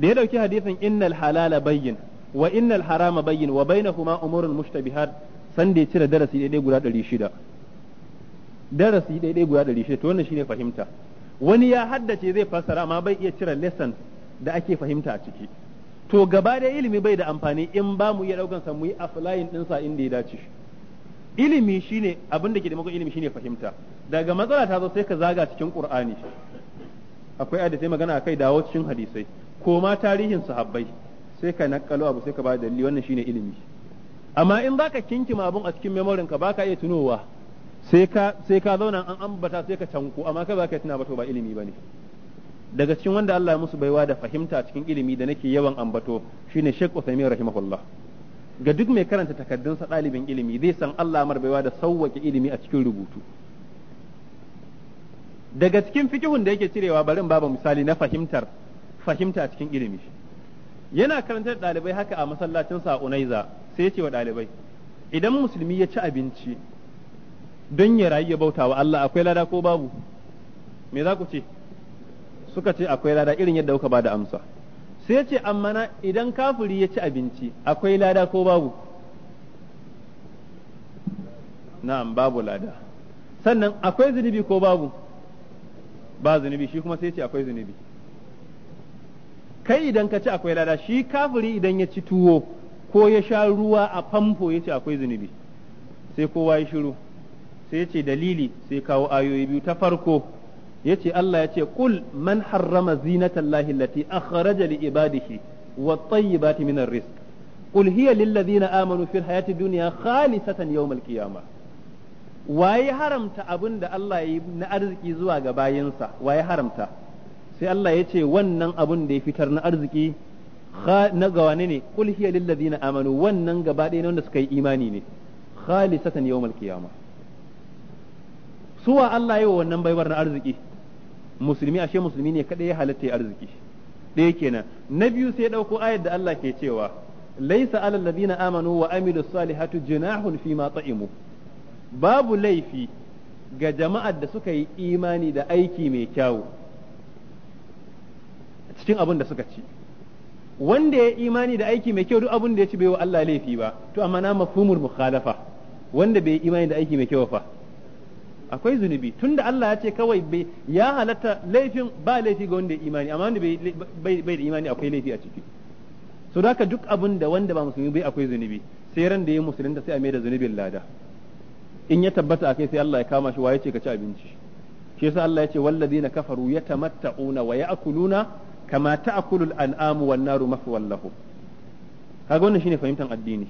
ya dauki hadisin innal halala bayyin wa innal harama bayyin wa bainahuma umurul mushtabihat san da ya cire darasi daidai guda shida darasi daidai guda shida to wannan shine fahimta wani ya haddace zai fassara amma bai iya cire lesson da ake fahimta a ciki to gaba da ilimi bai da amfani in ba mu iya daukan sa mu yi applying din sa inda ya dace ilimi shine abin da ke da ilimi shine fahimta daga matsala ta zo sai ka zaga cikin qur'ani akwai ayat da magana akai dawo cikin hadisai ko ma tarihin sahabbai sai ka nakalo abu sai ka ba dalili wannan shine ilimi amma in baka kinkima abun a cikin memorin ka baka iya tunowa sai ka sai ka zauna an ambata sai ka canko amma kai baka tuna ba to ba ilimi bane daga cikin wanda Allah ya musu baiwa da fahimta cikin ilimi da nake yawan ambato shine Sheikh Uthaymeen rahimahullah ga duk mai karanta takaddun sa ɗalibin ilimi zai san Allah mar baiwa da sauwake ilimi a cikin rubutu daga cikin fikihun da yake cirewa barin babu misali na fahimtar fahimta cikin ilimi yana karanta da ɗalibai haka a masallacin sa unaiza sai ya ce wa ɗalibai idan musulmi ya ci abinci don ya rayu ya bauta wa Allah akwai lada ko babu me za ku ce suka ce akwai lada irin yadda kuka ba da amsa sai ya ce amma na idan kafiri ya ci abinci akwai lada ko babu na'am babu lada sannan akwai zunubi ko babu ba zunubi shi kuma sai ce akwai zunubi kai idan ka ci akwai lada shi kafiri idan ya ci tuwo ko ya sha ruwa a famfo ya ce akwai zunubi sai kowa ya shiru sai ya ce dalili sai kawo ayoyi biyu ta farko ya ce Allah ya ce kul man harrama zinatallahi lati akhraja li ibadihi wa tayyibati min ar-rizq hiya lil ladina amanu fil hayati dunya khalisatan yawm al-qiyamah waye haramta abin da Allah ya yi na arziki zuwa ga bayinsa waye haramta sai Allah ya ce wannan abun da ya fitar na arziki na gawane ne kul hiya lil amanu wannan gaba ɗaya ne wanda suka yi imani ne khalisatan yawmal qiyamah suwa Allah yi wa wannan baiwar na arziki musulmi ashe musulmi ne kadai ya halatta arziki ɗaya kenan na biyu sai ɗauko ayar da Allah ke cewa laisa alal ladina amanu wa amilu salihatu junahun fi ma ta'imu babu laifi ga jama'ar da suka yi imani da aiki mai kyau. cikin abin da suka ci wanda ya imani da aiki mai kyau duk abin da ya ci bai wa Allah laifi ba to amma na mafhumul mukhalafa wanda bai imani da aiki mai kyau fa akwai zunubi tunda Allah ya ce kawai bai ya halatta laifin ba laifi ga wanda ya imani amma wanda bai bai da imani akwai laifi a ciki so da duk abin da wanda ba musulmi bai akwai zunubi sai ran da ya musulunta sai a mai da zunubin lada in ya tabbata akai sai Allah ya kama shi waye ce ka ci abinci shi yasa Allah ya ce wallazina kafaru yatamatta'una wa ya'kuluna kama akulul an'amu wan naru mafwan lahum kaga wannan shine fahimtar addini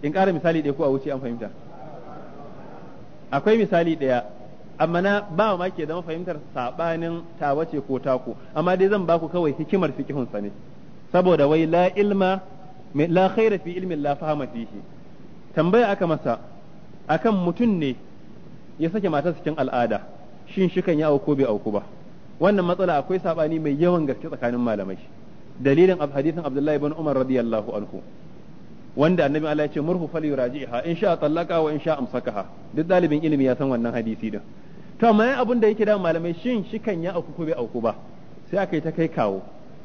in ƙara misali ɗaya ko a wuce an fahimta akwai misali ɗaya amma na ba ma ke zama fahimtar sabanin tawace ko tako amma dai zan baku kawai hikimar fikihun sa ne saboda wai la ilma la khaira fi ilmin la fahama fihi tambaya aka masa akan mutum ne ya sake matar cikin al'ada shin shi kan ya auku bai auku ba wannan matsala akwai sabani mai yawan gaske tsakanin malamai dalilin hadisin abdullahi ibn umar radiyallahu anhu wanda annabi Allah ya ce murhu fal yuraji'ha in sha tallaka wa in sha amsakaha duk dalibin ilimi ya san wannan hadisi din to amma abin da yake da malamai shin shi kan ya auku bai auku ba sai aka yi ta kai kawo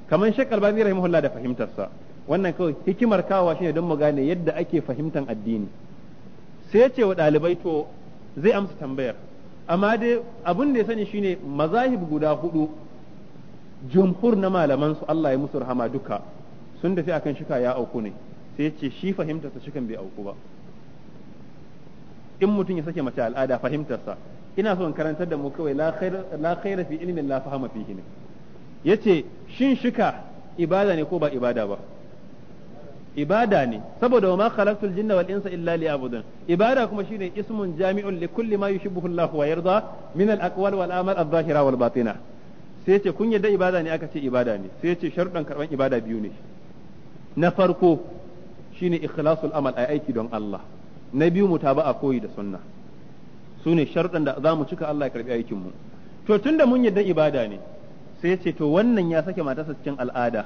kamar shekar Albani rahimahullah da fahimtarsa wannan kawai hikimar kawa shine don mu gane yadda ake fahimtar addini sai ya ce wa dalibai to zai amsa tambayar amma dai abin da ya sani shine mazahib guda hudu jumhur na malaman su Allah ya musu rahama duka sun tafi akan shika ya auku ne sai ya ce shi fahimtarsa sa shikan bai auku ba in mutum ya sake mace al'ada fahimtarsa ina son karantar da mu kawai la khaira fi ilmin la fahama fihi ne yace shin shika ibada ne ko ba ibada ba ibada ne saboda wa ma khalaqtul jinna wal insa illa liya'budun ibada kuma shine ismun jami'un li kulli ma yushibbuhu Allah wa yarda min al aqwal wal amal al zahira wal batina sai yace kun yadda ibada ne aka ce ibada ne sai yace sharuɗan karban ibada biyu ne na farko shine ikhlasul amal ay aiki don Allah na biyu mutaba'a koyi da sunna ne sharuɗan da zamu cika Allah ya karbi aikin mu to tunda mun yadda ibada ne sai yace to wannan ya sake matarsa cikin al'ada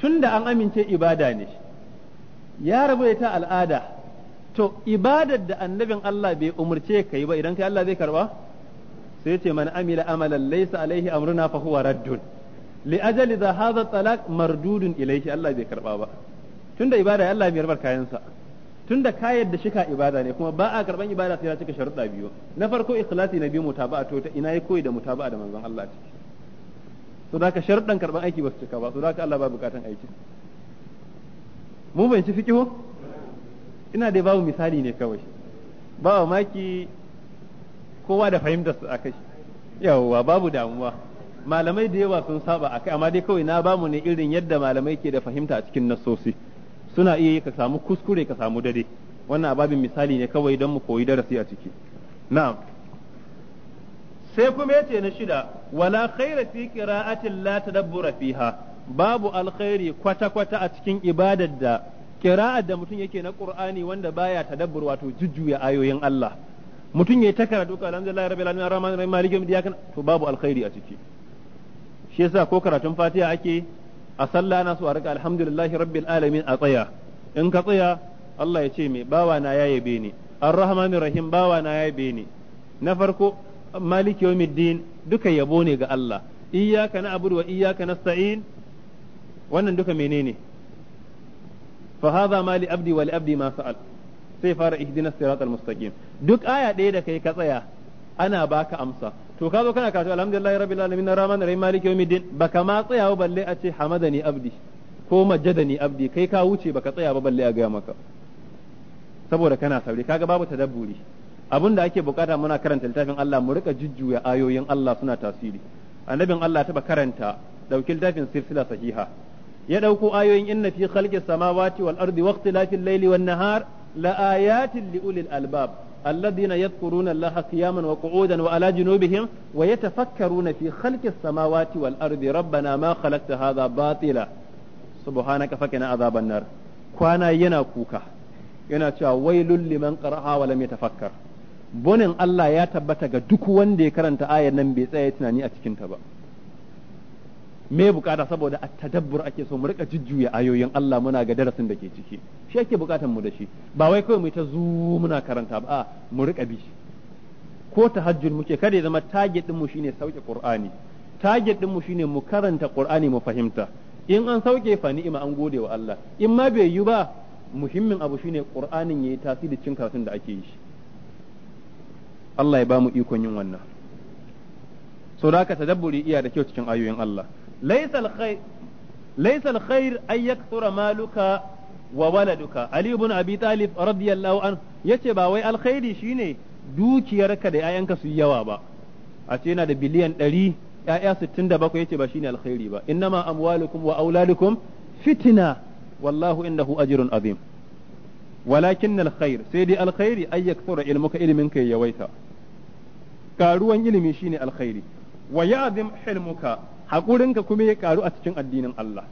tunda an amince ibada ne ya rabu ita al'ada to ibadar da annabin Allah bai umurce ka yi ba idan kai Allah zai karba sai ce man amila amalan laysa alaihi amruna fa huwa raddun li ajali da hadha talaq mardudun ilayhi Allah bai karba ba tunda ibada Allah mai yarbar kayansa tunda ka yadda shika ibada ne kuma ba a karban ibada sai ya cika sharuɗa biyu na farko ikhlasi na biyu mutaba'a to ta ina yi koyi da mutaba'a da manzon Allah ciki so da ka sharɗan karban aiki ba su cika ba so da ka Allah ba bukatan aiki mu ban ci fikihu ina dai babu misali ne kawai ba maki kowa da fahimtar su akai yawwa babu damuwa malamai da yawa sun saba akai amma dai kawai na bamu ne irin yadda malamai ke da fahimta a cikin nassosi suna iya yi ka samu kuskure ka samu dade wannan babin misali ne kawai don mu koyi darasi a ciki na'am sai kuma yace na shida wala khaira fi qira'atin la tadabbura fiha babu alkhairi kwata kwata a cikin ibadar da qira'ar da mutum yake na qur'ani wanda baya tadabbur wato jujjuya ayoyin Allah mutum yayi ta karatu ka alhamdulillah rabbil alamin arrahman arrahim maliki yawmiddin din to babu alkhairi a ciki shi yasa ko karatun fatiha ake a sallah na so a rika alhamdulillahi rabbil alamin a tsaya in ka tsaya Allah ya ce mai bawa na ya yabe ni arrahman rahim bawa na ya ni na farko maliki yawmiddin duka yabo ne ga Allah iyyaka na'budu wa iyyaka nasta'in wannan duka menene fa hadha abdi wa abdi ma sa'al sai fara ihdinas siratal mustaqim duk aya ɗaya da kai ka tsaya ana baka amsa to ka zo kana karatu alhamdulillahi rabbil alamin rahmanir rahim maliki yawmiddin baka ma tsaya balle a ce ni abdi ko ni abdi kai ka wuce baka tsaya ba balle a gaya maka saboda kana sauri kaga babu ta tadabburi abin da ake bukata muna karanta littafin Allah mu rika jujjuya ayoyin Allah suna tasiri annabin Allah taba karanta dauki littafin silsila sahiha ya ɗauko ayoyin inna fi khalqi samawati wal ardi waqtilafil layli wan nahar la ayatin li ulil albab alladhina yadhkuruna Allah qiyaman wa odan wa ala junubihim wa yatafakkaruna fi khalqi samawati wal ardi rabbana ma khalaqta hadha batila subhanaka fakina azaban nar kwana yana kuka yana cewa wailul liman qara'a wa lam yatafakkar bonin Allah ya tabbata ga duk wanda ya karanta ayar nan bai tsaya tunani a cikin ta ba me bukata saboda a tadabbur ake so mu rika jujjuya ayoyin Allah muna ga darasin da ke ciki shi ake bukatan mu da shi ba wai kawai mu ta zu muna karanta ba a mu rika bi ko tahajjud muke kada ya zama target din mu shine sauke Qur'ani target din mu shine mu karanta Qur'ani mu fahimta in an sauke fa ni'ima an gode wa Allah in ma bai yi ba muhimmin abu shine Qur'anin yayi tasiri cin karatun da ake yi Allah ya ba mu ikon yin wannan so da haka tadabburi iya da kyau cikin ayoyin Allah laysal khair laysal khair ay yakthura maluka wa waladuka ali ibn abi talib radiyallahu anhu yace ba wai alkhairi shine dukiyarka da 'ya'yanka su yawa ba a ce yana da biliyan 100 'ya'ya 67 yace ba shine alkhairi ba innama amwalukum wa auladukum fitna wallahu innahu ajrun azim walakin alkhair sai dai alkhairi ay ilmuka ilminka yawaita karuwan ilimi shine alkhairi wa ya'zim hilmuka haƙurinka kuma ya karu a cikin addinin Allah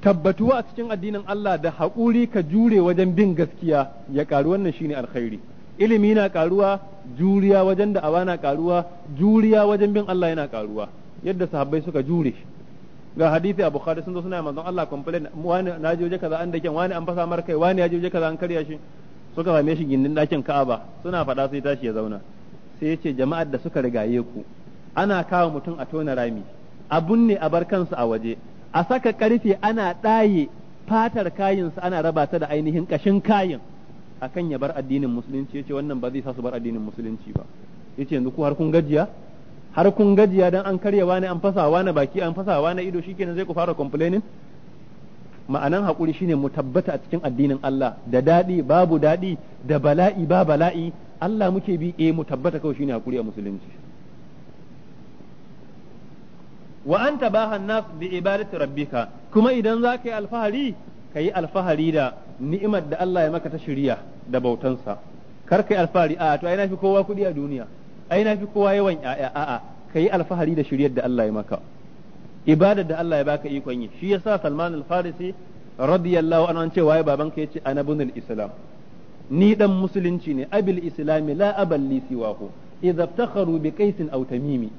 tabbatuwa a cikin addinin Allah da haƙuri ka jure wajen bin gaskiya ya karu wannan shine alkhairi ilimi na karuwa juriya wajen da na karuwa juriya wajen bin Allah yana karuwa yadda sahabbai suka jure ga hadisi abu bukhari sun zo suna manzon Allah complain wani na waje kaza an dake wani an fasa mar kai wani ya waje kaza an karya shi suka same shi gindin dakin Ka'aba suna faɗa sai tashi ya zauna sai ya ce jama'ar da suka rigaye ku ana kawo mutum a tona rami a bunne a bar kansu a waje a saka karfe ana ɗaye fatar kayinsu ana raba ta da ainihin kashin kayin akan ya bar addinin musulunci yace wannan ba zai sa su bar addinin musulunci ba yace yanzu ku har kun gajiya har kun gajiya dan an karyawa ne an fasawa na baki an fasawa na ido shikenan zai ku fara complaining ma'anan haƙuri shine mu tabbata a cikin addinin Allah da daɗi babu daɗi da bala'i ba bala'i Allah muke bi eh mu tabbata kawai shine haƙuri a musulunci wa anta bahan nas bi ibadati rabbika kuma idan za ka yi alfahari ka yi alfahari da ni'imar da Allah ya maka ta shirya da bautansa kar ka yi alfahari a to ai na fi kowa kuɗi a duniya ai na fi kowa yawan ƴaƴa a'a ka yi alfahari da shiryar da Allah ya maka ibadar da Allah ya baka ikon yi shi yasa Salman al-Farisi radiyallahu anhu an ce waye babanka yace ana bunul islam ni dan musulunci ne abil islam la aballi siwahu idza iftakharu bi qaisin aw tamimi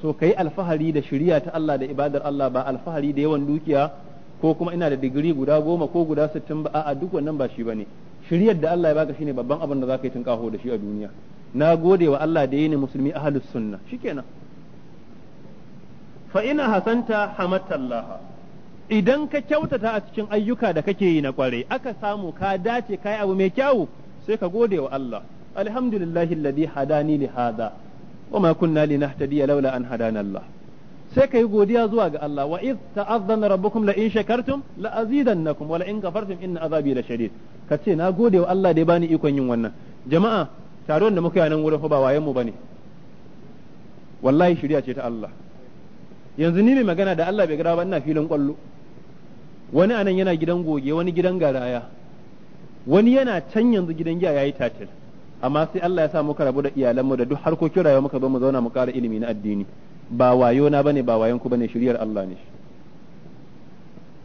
so kai alfahari da shari'a ta Allah da ibadar Allah ba alfahari da yawan dukiya ko kuma ina da digiri guda goma ko guda sittin ba a duk wannan ba shi bane shari'ar da Allah ya baka shine babban abin da zaka yi kaho da shi a duniya na gode wa Allah da yayi ni musulmi ahlus sunna shikenan fa ina hasanta hamattallaha idan ka kyautata a cikin ayyuka da kake yi na kwarai aka samu ka dace kai abu mai kyawu sai ka gode wa Allah alhamdulillahi alladhi hadani li hada wa ma kunna linahtadiya laula an hadana Allah sai ka yi godiya zuwa ga Allah wa iz ta'azzana rabbukum la in shakartum la azidannakum wa la in kafartum inna azabi la shadid ka ce na gode wa Allah da ya bani ikon yin wannan jama'a taron da muka yi nan wurin ba wayen mu bane wallahi shirya ce ta Allah yanzu ni mai magana da Allah bai gara ba ina filin kwallo wani anan yana gidan goge wani gidan garaya wani yana can yanzu gidan giya yayi tatil amma sai Allah ya sa muka rabu da iyalanmu da duk harkokin rayuwa muka zo mu zauna mu ƙara ilimi na addini ba wayo na bane ba wayan ku bane shiriyar Allah ne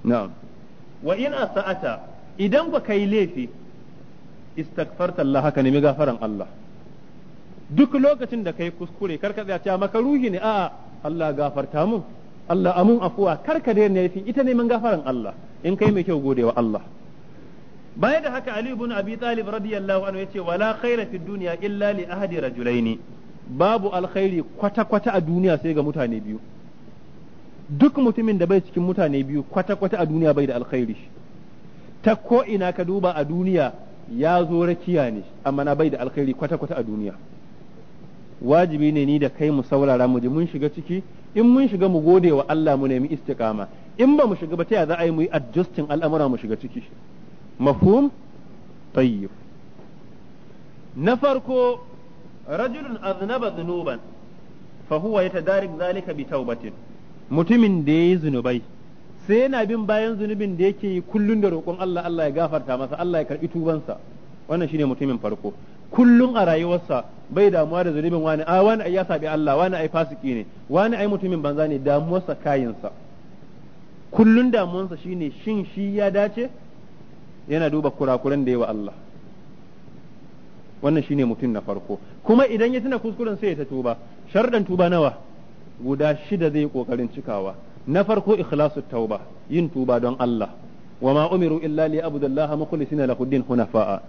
na'am wa in sa'ata idan ba kai laifi istaghfarta Allah haka nemi gafaran Allah duk lokacin da kai kuskure karka tsaya cewa makaruhi ne a'a Allah gafarta mun Allah amun afuwa karka da ne fi ita ne neman gafaran Allah in kai mai kyau godewa Allah baya da haka Ali ibn Abi Talib radiyallahu anhu yace wala khaira fid dunya illa li ahadi rajulaini babu alkhairi kwata kwata a duniya sai ga mutane biyu duk mutumin da bai cikin mutane biyu kwata kwata a duniya bai da alkhairi ta ko ina ka duba a duniya ya zo rakiya ne amma na bai da alkhairi kwata kwata a duniya wajibi ne ni da kai mu saurara mu ji mun shiga ciki in mun shiga mu gode wa Allah mu nemi istiqama in ba mu shiga ba ta ya za a yi mu yi adjusting al'amura mu shiga ciki mafhum tayyib na farko rajulun aznaba dhunuban fa huwa yatadarik zalika bi taubatin mutumin da yayi zunubai sai yana bin bayan zunubin da yake yi kullun da roƙon Allah Allah ya gafarta masa Allah ya karbi tubansa wannan shine mutumin farko kullum a rayuwarsa bai damuwa da zunubin wani a ah, wani ya sabi Allah wani ai fasiki ne wani ai mutumin banza ne damuwarsa kayinsa kullun damuwarsa shine shin shi ya dace yana duba kurakuran da yawa Allah wannan shine mutum na farko kuma idan ya tuna kuskuren sai ya ta tuba sharɗan tuba nawa guda shida zai kokarin cikawa na farko ikhlasu tauba yin tuba don Allah wa ma umiru illa li abudallaha mukhlisina lahu hunafa'a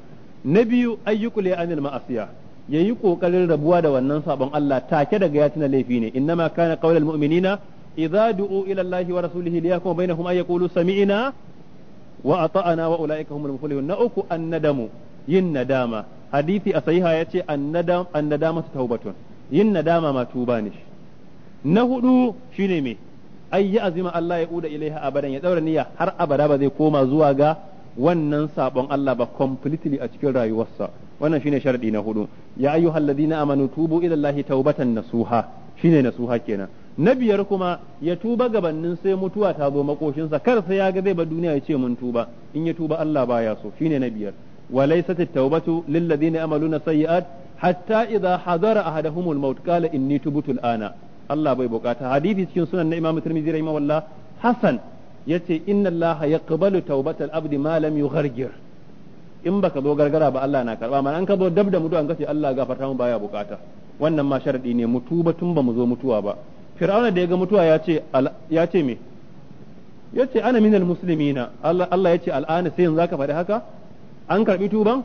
na biyu ayyukul anil ma'asiya yayi kokarin rabuwa da wannan sabon Allah take daga ya tuna laifi ne ma kana qaulul mu'minina idza du'u ila Allah wa rasulihi liyahkum bainahum ay yaqulu sami'na wa ata'na wa ulaika humul muflihun na uku annadamu yin nadama hadisi a sahiha yace annadam annadama taubatun yin nadama ma tuba ne na hudu shine me ai ya azima Allah ya uda ilaiha abadan ya daura niyya har abada ba zai koma zuwa ga wannan sabon Allah ba completely a cikin rayuwarsa wannan shine sharadi na hudu ya ayyuhal ladina amanu tubu ila Allahi taubatan nasuha shine nasuha kenan na biyar kuma ya tuba gabanin sai mutuwa ta zo makoshinsa kar sai ya ga zai ba duniya ya ce mun tuba in ya tuba Allah baya so shine na biyar taubatu وليست التوبة للذين Hatta السيئات حتى إذا حضر أحدهم الموت قال inni tubu tul'ana Allah bai bukata hadisi cikin sunan na Imam Tirmidhi rahimahullah Hassan yace inna Allah yaqbalu tawbatal abdi ma lam yughargir in baka zo gargara ba Allah na karba mana an ka zo dab da mutuwa an kace Allah gafarta mu baya bukata wannan ma sharadi ne ba tun ba mu zo mutuwa ba fir'auna da ya ga mutuwa ya ce ya ce me ya ce ana minal muslimina Allah ya ce al'ana sai yanzu zaka faɗi haka an karbi tuban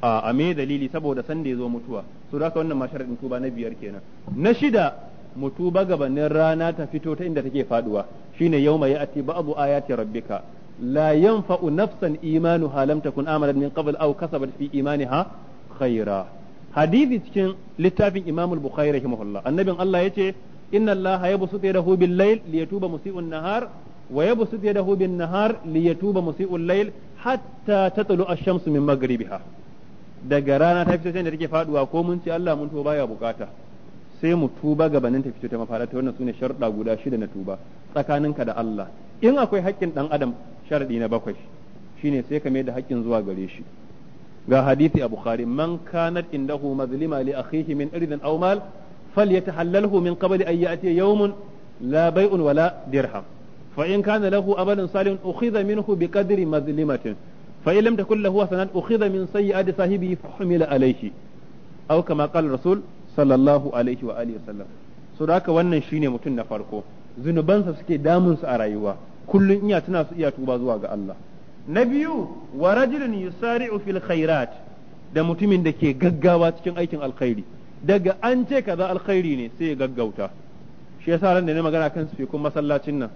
a me dalili saboda san da ya zo mutuwa so da wannan ma sharadin tuba na biyar kenan na shida mu tuba gabanin rana ta fito ta inda take faduwa shine yawma ya'ti ba'du ayati rabbika la yanfa'u nafsan imanuha lam takun amanat min qabl aw kasabat fi imaniha khaira Hadithi cikin littafin Imam al-Bukhari rahimahullah annabin Allah yace inna Allah yabsutu yadahu bil layl liyatuba musii'un nahar wa yabsutu yadahu bin nahar liyatuba musii'ul layl hatta tatlu ash-shamsu min maghribiha daga rana ta fito ta inda take faduwa ko mun ce Allah mun tuba baya bukata sai mu tuba gabanin ta fito ta ta wannan sune sharda guda shida na tuba tsakanin ka da Allah in akwai haƙƙin dan adam sharaɗi na bakwai shine sai ka mai da haƙƙin zuwa gare shi ga hadisi a bukhari man kanat indahu mazlima li akhihi min irdin aw mal falyatahallalhu min qabl an ya'ti yawmun la bay'un wala dirham fa in kana lahu amalun salihun ukhidha minhu biqadri mazlimatin فإن لم تكن له حسنات min من سيئات صاحبه فحمل alayhi aw kama qala rasul. sallallahu alaihi wa alihi wasallam so da haka wannan shine mutum na farko zunubansa suke damun su a rayuwa kullum iya tuna su iya tuba zuwa ga Allah na biyu wa rajulun yusari'u fil khairat da mutumin da ke gaggawa cikin aikin alkhairi daga an ce kaza alkhairi ne sai ya gaggauta shi yasa ran da ne magana kan su kun masallacin nan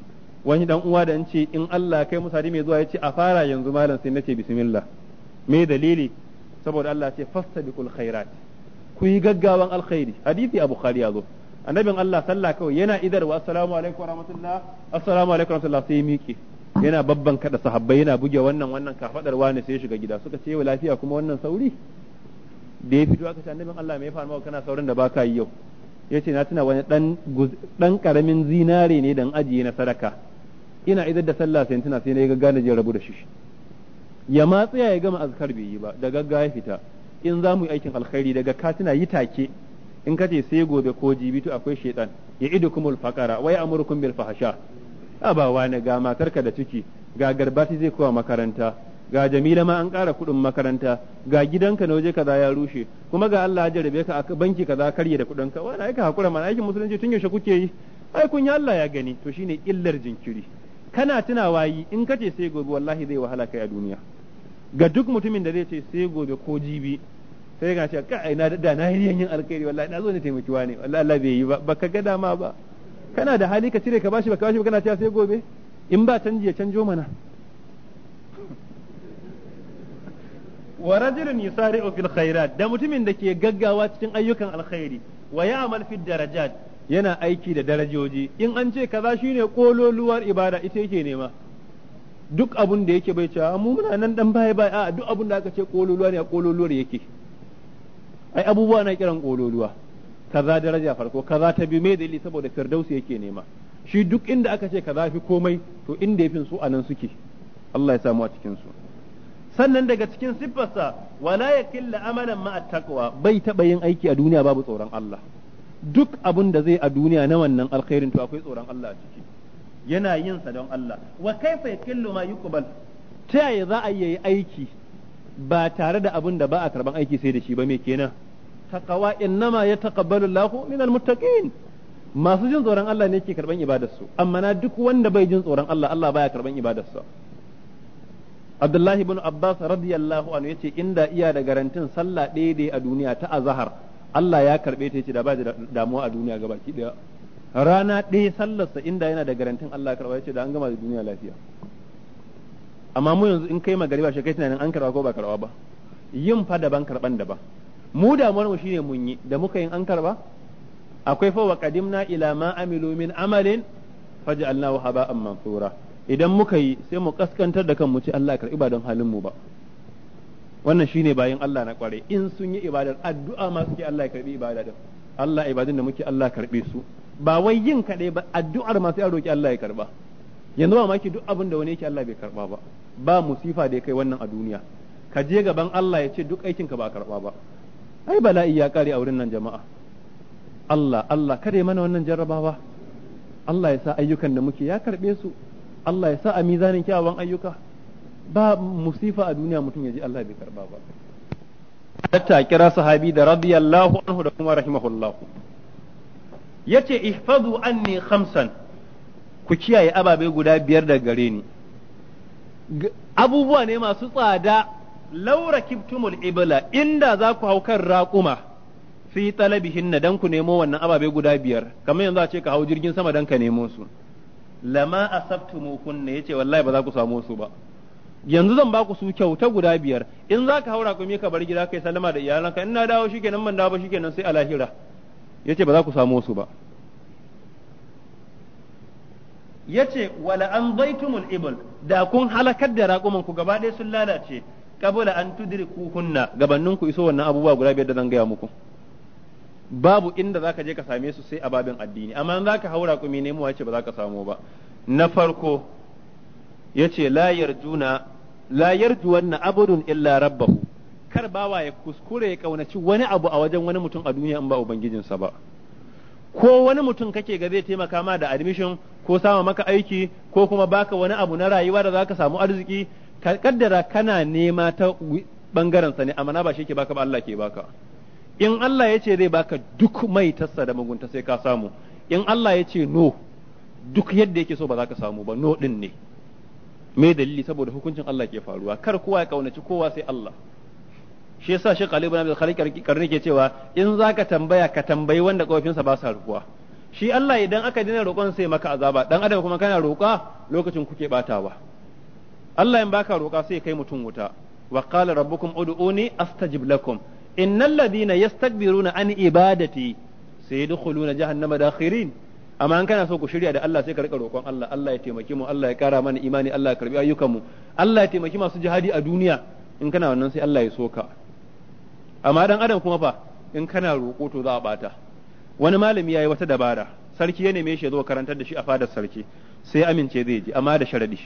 wani dan uwa da an ce in Allah kai musadi mai zuwa yace a fara yanzu malam sai nace bismillah me dalili saboda Allah ce fastabiqul khairat ku yi gaggawan alkhairi hadisi a bukhari yazo annabin Allah sallah kawai yana idarwa assalamu alaikum warahmatullahi assalamu alaikum warahmatullahi sai miƙe yana babban kada sahabbai yana buge wannan wannan kafadar wani sai shiga gida suka ce lafiya kuma wannan sauri da ya fito aka ce annabin Allah mai ya kana saurin da baka yi yau yace na tuna wani dan dan karamin zinare ne dan ajiye na sadaka ina idar da sallah sai tuna sai na ga gane je rabu da shi ya matsaya ya gama azkar bai yi ba da gaggawa ya fita in za mu yi aikin alkhairi daga katina yi take in ka ce sai gobe ko jibi to akwai shaitan ya idu kumul faqara wai amurkum bil fahsha aba wani ga matarka da ciki ga garbati zai kowa makaranta ga jamila ma an ƙara kuɗin makaranta ga gidanka na waje kaza ya rushe kuma ga Allah ya jarabe ka a banki kaza karye da kuɗin ka wani aika hakura mana aikin musulunci tun yaushe kuke yi ai kun yi Allah ya gani to shine illar jinkiri kana tunawa yi in kace sai gobe wallahi zai wahala kai a duniya ga duk mutumin da zai ce sai gobe ko jibi sai ga cewa kai na da na yi yin alkhairi wallahi na zo ne taimakiwa ne wallahi Allah bai yi ba baka ga dama ba kana da hali ka cire ka bashi baka bashi kana cewa sai gobe in ba canji ya canjo mana wa rajulun yusari'u fil khairat da mutumin da ke gaggawa cikin ayyukan alkhairi wa ya'mal fid darajat yana aiki da darajoji in an ce kaza shine kololuwar ibada ita yake nema duk abun da yake bai cewa ah, mu muna nan dan baya baya a duk abun da aka ce kololuwa ne a kololuwar yake ai abubuwa na kiran kololuwa kaza daraja farko kaza ta biyu mai dalili saboda firdausi yake nema shi duk inda aka ce kaza fi komai to inda yafin su anan suke Allah ya samu a cikin su sannan daga cikin siffarsa wala yakilla amalan ma taqwa bai taba yin aiki a duniya babu tsoron Allah duk abun da zai a duniya na wannan alkhairin to akwai tsoron Allah a ciki yana yin sa don Allah wa kaifa yakillu ma yuqbal ta yaya za a yi aiki ba tare da abin da ba a karban aiki sai da shi ba me kenan taqwa innama yataqabbalu Allahu min almuttaqin masu jin tsoron Allah ne ke karban ibadarsu amma na duk wanda bai jin tsoron Allah Allah baya karban ibadarsa Abdullahi ibn Abbas radiyallahu anhu yace inda iya da garantin sallah daidai a duniya ta azhar Allah ya karbe ta yace da ba damuwa a duniya gabaki daya rana ɗaya sallarsa inda yana da garantin Allah karɓa ya ce da an gama da duniya lafiya amma mu yanzu in kai magari shi kai tunanin an karɓa ko ba karɓa ba yin fa daban karɓan daban mu damuwar mu shine mun yi da muka yin an karɓa akwai fa wa qadimna ila ma amilu min amalin faj'alnahu haba'an mansura idan muka yi sai mu kaskantar da kan mu ce Allah karɓi ba don halin mu ba wannan shine bayan Allah na kware in sun yi ibadar addu'a ma suke Allah ya karɓi ibada din Allah ibadin da muke Allah karɓe su ba wai yin kaɗai ba addu'ar masu ya roki Allah ya karba yanzu ba maki duk abin da wani yake Allah bai karba ba ba musifa da ya kai wannan a duniya ka je gaban Allah ya ce duk aikin ka ba karba ba ai bala'i ya kare a wurin nan jama'a Allah Allah kare mana wannan jarrabawa Allah ya sa ayyukan da muke ya karbe su Allah ya sa a mizanin kyawawan ayyuka ba musifa a duniya mutum ya ji Allah bai karba ba hatta kira sahabi da radiyallahu anhu da kuma rahimahullahu yace ihfazu anni khamsan ku kiyaye ababe guda biyar daga gare ni abubuwa ne masu tsada laura kiftumul ibla inda za ku hau kan raƙuma fi na dan ku nemo wannan ababe guda biyar kamar yanzu a ce ka hau jirgin sama dan ka nemo su lama asabtumu kunna yace wallahi ba za ku samu su ba yanzu zan ba ku su kyauta guda biyar in za ka haura me ka bar gida kai sallama da iyalanka in na dawo shikenan man dawo shikenan sai a lahira yace ba za ku samu wasu ba yace wala an zaitumul ibl da kun halakar da raƙuman ku gaba ɗaya sun lalace kabula an tudriku hunna gabanin ku iso wannan abubuwa guda biyar da zan gaya muku babu inda zaka je ka same su sai a babin addini amma in zaka haura ku me nemo wace ba za ka samu ba na farko yace la yarjuna la yarjuwanna abudun illa rabbahu kar bawa ya kuskure ya kaunaci wani abu a wajen wani mutum a duniya in ba ubangijinsa ba ko wani mutum kake ga zai taimaka ma da admission ko sama maka aiki ko kuma baka wani abu na rayuwa da zaka samu arziki ka kaddara kana nema ta bangaren sa ne amana ba shi ke baka ba Allah ke baka in Allah yace zai baka duk mai tassa da mugunta sai ka samu in Allah yace no duk yadda yake so ba za ka samu ba no din ne me dalili saboda hukuncin Allah ke faruwa kar kowa ya kaunaci kowa sai Allah shi yasa shi qalib ibn al-khaliq karni ke cewa in zaka tambaya ka tambayi wanda kofinsa ba sa rukuwa shi Allah idan aka dina roƙon sai maka azaba dan adam kuma kana roƙa lokacin kuke batawa Allah in baka roƙa sai kai mutum wuta wa qala rabbukum ud'uni astajib lakum innal ladina yastakbiruna an ibadati sayadkhuluna jahannama dakhirin amma an kana so ku shirya da Allah sai ka rika roƙon Allah Allah ya taimake mu Allah ya kara mana imani Allah ya karbi ayyukan mu Allah ya taimaki masu jihadi a duniya in kana wannan sai Allah ya soka amma dan adam kuma fa in kana roƙo to za a bata wani malami yayi wata dabara sarki ya neme shi ya zo karantar da shi a fadar sarki sai amince zai ji amma da sharadi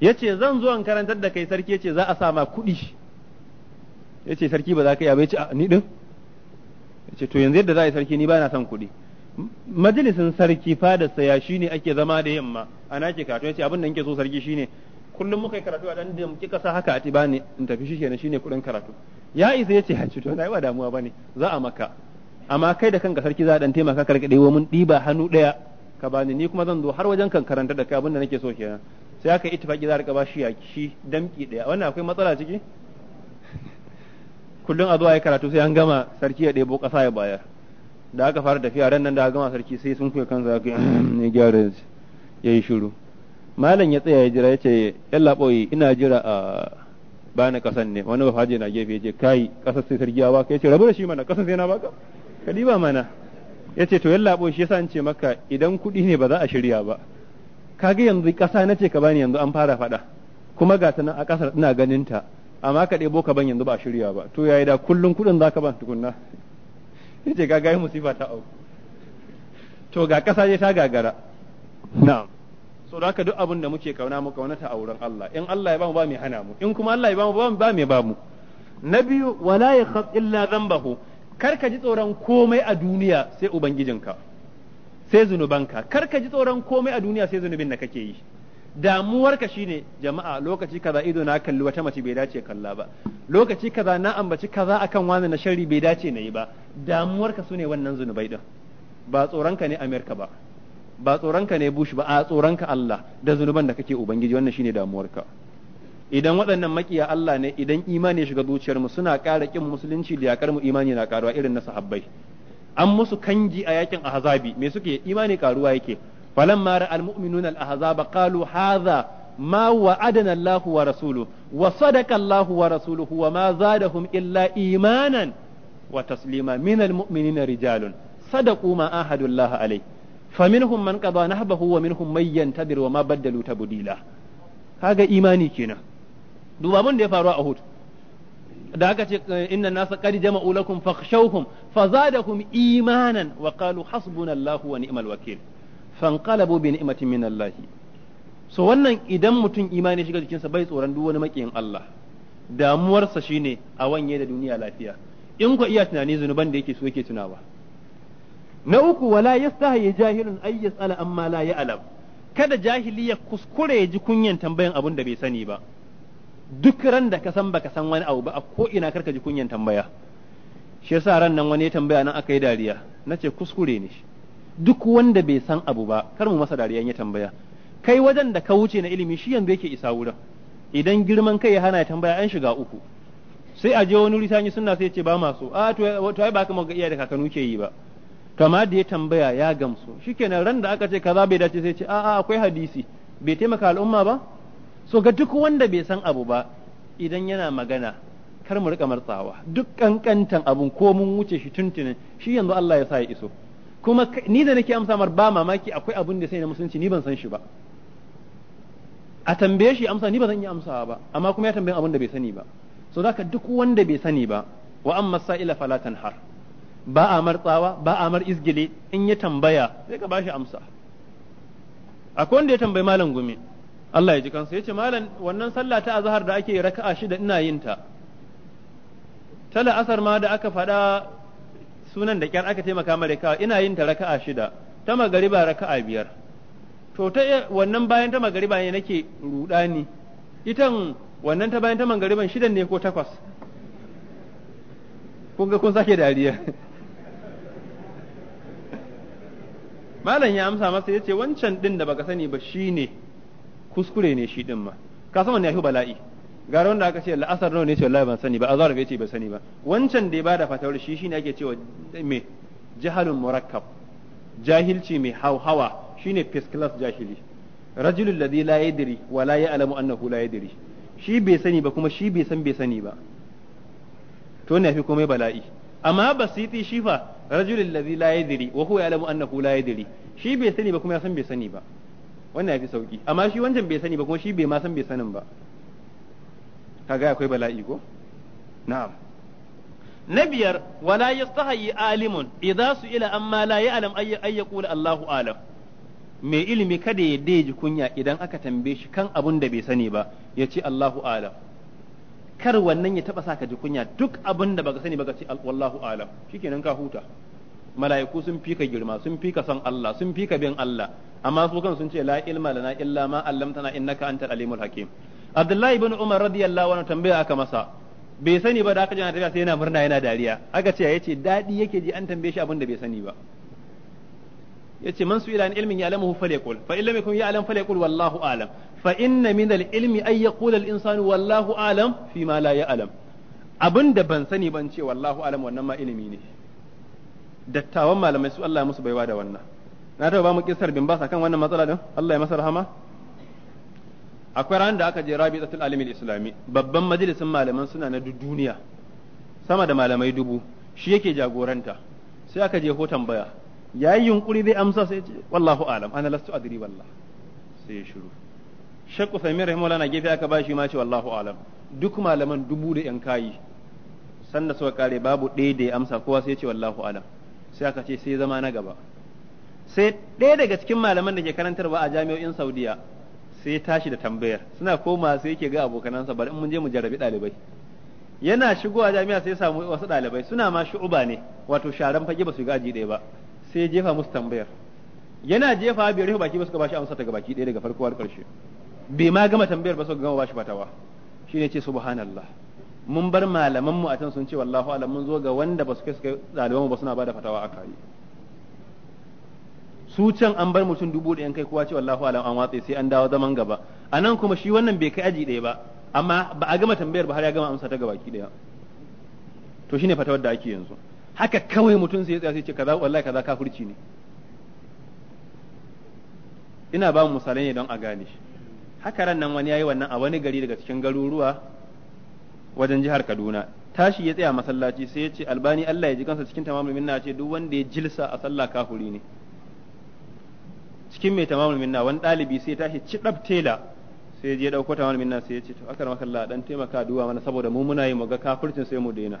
yace zan zo in karantar da kai sarki yace za a sa ma kuɗi yace sarki ba za ka yi ba yace ni din yace to yanzu yadda za a yi sarki ni ba na son kuɗi majalisin sarki fadar ya shine ake zama da yamma ana ke karatu yace abin da nake so sarki shine kullum muka yi karatu a dan da kika sa haka a tibani in tafi shi kenan shine kuɗin karatu ya isa ya ce hajji to na yi ba damuwa ne za a maka amma kai da kanka sarki za a dan taimaka ka rike ɗewa mun ɗiba hannu ɗaya ka bani ni kuma zan zo har wajen kan karanta da kai abin da nake so kenan sai aka ittifaki za a rika ba shi yaki shi damki ɗaya wannan akwai matsala ciki kullum a zuwa ya karatu sai an gama sarki ya ɗebo ƙasa ya bayar da aka fara tafiya ran nan da aka gama sarki sai sun kan kansa aka yi gyara ya yi shiru malam ya tsaya ya jira ya ce yalla ɓoye ina jira a ba na kasan ne wani bafaje na gefe yace kai kasar sai sarki ya baka yace rabu da shi mana kasar sai na baka ka diba mana yace to yalla bo shi yasa an ce maka idan kudi ne ba za a shirya ba kage yanzu kasa na ce ka bani yanzu an fara faɗa kuma ga tana a kasar ina ganin ta amma ka ɗebo ka ban yanzu ba a shirya ba to yayi da kullun kuɗin zaka ban tukunna yace kaga yi musifa ta au to ga kasa ta gagara na'am so da haka duk abin da muke kauna mu kaunata a wurin Allah in Allah ya bamu ba mai hana mu in kuma Allah ya bamu ba mai ba mu na biyu wala yakhaf illa dhanbahu kar ka ji tsoron komai a duniya sai ubangijinka sai zunubanka kar ka ji tsoron komai a duniya sai zunubin da kake yi damuwarka shine jama'a lokaci kaza ido na kalli wata mace bai dace kalla ba lokaci kaza na ambaci kaza akan wani na sharri bai dace nayi yi ba damuwarka sune wannan zunubai din ba tsoron ka ne amerika ba ba tsoronka ne bush ba a tsoronka Allah da zunuban da kake ubangiji wannan shine damuwarka idan waɗannan makiya Allah ne idan imani ya shiga zuciyar mu suna ƙara kin musulunci da yakar mu imani na karuwa irin na sahabbai an musu kangi a yakin ahzabi me suke imani karuwa yake falamma ra'al mu'minuna al-ahzaba qalu hadha ma wa'adana Allahu wa rasuluhu wa sadaqa Allahu wa rasuluhu wa ma zadahum illa imanan wa taslima minal mu'minina rijalun sadaqu ma ahadu Allah alayhi faminhum man qada nahbahu wa minhum man yantadir wa ma baddalu tabdila kaga imani kenan duba mun da ya faru a Uhud da aka ce inna nasa qad jama'u lakum fakhshawhum fazadahum imanan wa qalu hasbunallahu wa ni'mal wakeel fanqalabu bi ni'matin min so wannan idan mutum imani shiga jikinsa bai tsoron duk wani makiyin Allah damuwarsa shine a wanye da duniya lafiya in ku iya tunani zunuban da yake so yake tunawa na uku wala yastahi jahilun ay yas'ala amma la ya'lam kada jahili ya kuskure ya ji kunyan tambayan abun da bai sani ba duk ran da ka san baka san wani abu ba a ko ina karka ji kunyan tambaya shi yasa ran nan wani ya tambaya nan aka yi dariya nace kuskure ne duk wanda bai san abu ba kar mu masa dariya ya tambaya kai wajen da ka wuce na ilimi shi yanzu yake isa wurin idan girman kai ya hana ya tambaya an shiga uku sai a je wani wuri suna sai ce ba masu a to ai ba ka iya da kakanu ke yi ba kama da ya tambaya ya gamsu shikenan ran da aka ce kaza bai dace sai ce a'a akwai hadisi bai taimaka al'umma ba so ga duk wanda bai san abu ba idan yana magana kar mu rika martsawa duk kankantan abun ko mun wuce shi tuntunin shi yanzu Allah ya sa ya iso kuma ni da nake amsa mar ba mamaki akwai abun da sai na musulunci ni ban san shi ba a tambaye shi amsa ni ba zan yi amsawa ba amma kuma ya tambaye abun da bai sani ba so zaka duk wanda bai sani ba wa amma sa'ila fala tanhar ba a martsawa ba a mar izgile in ya tambaya sai ka bashi amsa akwai wanda ya tambayi malam gumi Allah ya ji kansa yace malam wannan sallah ta azhar da ake raka'a shida ina yin ta ta la'asar ma da aka faɗa sunan da kyar aka taimaka mare kawa ina yin ta raka'a shida ta magariba raka'a biyar to ta wannan bayan ta magariba ne nake rudani itan wannan ta bayan ta magariban shidan ne ko takwas kun ga kun sake dariya malam ya amsa masa ya ce wancan din da baka sani ba shi ne kuskure ne shi din ma ka san ya fi bala'i gara wanda aka ce la'asar nawa ne ce wallahi ban sani ba azhar bai ce bai sani ba wancan da ya bada fatawar shi shine ake cewa me jahalun murakkab jahilci mai hauhawa shine first class jahili rajulul ladhi la yadri wa la ya'lamu annahu la yadri shi bai sani ba kuma shi bai san bai sani ba to ne fi komai bala'i amma basiti shi fa rajulul ladhi la yadri wa huwa ya'lamu annahu la yadri shi bai sani ba kuma ya san bai sani ba wannan yafi sauki amma shi wancan bai sani ba kuma shi bai ma san bai sanin ba kaga akwai bala'i ko na'am na biyar wala yastahi alimun idza ila amma la ya'lam ay yaqulu Allahu alam mai ilimi kada ya daji kunya idan aka tambaye shi kan abun da bai sani ba ya ce Allahu alam kar wannan ya taba saka ji kunya duk abin da baka sani baka ce wallahu alam shikenan ka huta mala'iku sun fi girma sun fi ka son Allah sun fi bin Allah amma su kan sun ce la ilma lana illa ma allamtana innaka antal alimul hakim Abdullahi ibn Umar radiyallahu anhu tambaya aka masa bai sani ba da aka ji ana tafiya sai yana murna yana dariya aka ce yace dadi yake ji an tambaye shi abin da bai sani ba yace man su'ila an ilmin ya'lamuhu falyaqul fa illam yakun ya'lam falyaqul wallahu a'lam fa inna min al-ilmi ay yaqula al-insanu wallahu a'lam fi ma la ya'lam abinda da ban sani ban ce wallahu a'lam wannan ma ilimi ne dattawan malamai su Allah ya musu baiwa da wannan na taba ba mu kisar bin bas kan wannan matsala din Allah ya masa rahama akwai ran da aka je Rabi'atul Alimil Islami babban majalisin malaman suna na duniya sama da malamai dubu shi yake jagoranta sai aka je hoton baya ya yi yunkuri zai amsa sai ce wallahu alam ana lastu adri wallah sai ya shiru shakku samir rahimahullah na gefe aka bashi ma ce wallahu alam duk malaman dubu da yan kayi sanda suka kare babu ɗaya da ya amsa kowa sai ya ce wallahu alam sai aka ce sai zama na gaba sai ɗaya daga cikin malaman da ke karantarwa a jami'o'in saudiya sai tashi da tambayar suna koma sai yake ga abokanansa bari in mun je mu jarabi ɗalibai yana shigowa jami'a sai samu wasu ɗalibai suna ma shu'uba ne wato sharan fage ba su ga aji ɗaya ba sai jefa musu tambayar yana jefa bai rufe baki ba suka bashi amsa ta baki ɗaya daga farko har ƙarshe bai ma gama tambayar ba suka gama bashi fatawa shine ce subhanallah mun bar malaman mu a can sun ce wallahu alam mun zo ga wanda ba su kai suka ɗaliban ba suna bada fatawa a kai su can an bar mutum dubu ɗayan kai kowa ce wallahu alam an watse sai an dawo zaman gaba a nan kuma shi wannan bai kai aji ɗaya ba amma ba a gama tambayar ba har ya gama amsa ta gabaki ɗaya to shine fatawar da ake yanzu haka kawai mutum sai ya tsaya sai ce kaza wallahi kaza kafirci ne ina ba mu misalai ne don a gane shi haka ran nan wani yayi wannan a wani gari daga cikin garuruwa wajen jihar Kaduna tashi ya tsaya masallaci sai ya ce albani Allah ya ji kansa cikin tamamul minna ce duk wanda ya jilsa a sallah kafuri ne cikin mai tamamul minna wani dalibi sai tashi dab tela sai ya je dauko tamamul minna sai ya ce to akar makalla dan taimaka duwa mana saboda mu muna yi mu ga kafircin sai mu daina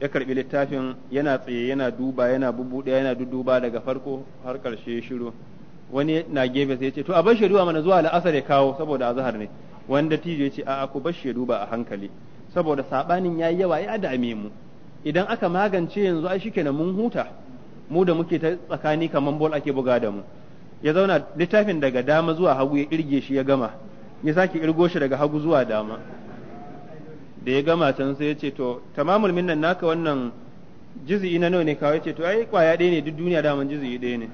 ya karbi littafin yana tsaye yana duba yana bubuɗe yana duduba daga farko har karshe shiru wani na gefe sai ce to a bashe duba mana zuwa al'asar ya kawo saboda azhar ne wanda tijo ya ce a ku bashe duba a hankali saboda saɓanin ya yi yawa ya dame mu idan aka magance yanzu ai shikenan mun huta mu da muke ta tsakani kaman bol ake buga da mu ya zauna littafin daga dama zuwa hagu ya kirge shi ya gama ya sake kirgo shi daga hagu zuwa dama da ya gama can sai ya ce to tamamul minnan naka wannan jizi'i na nawa ne kawai ya ce to ai kwaya ɗaya ne duk duniya daman jizi'i ɗaya ne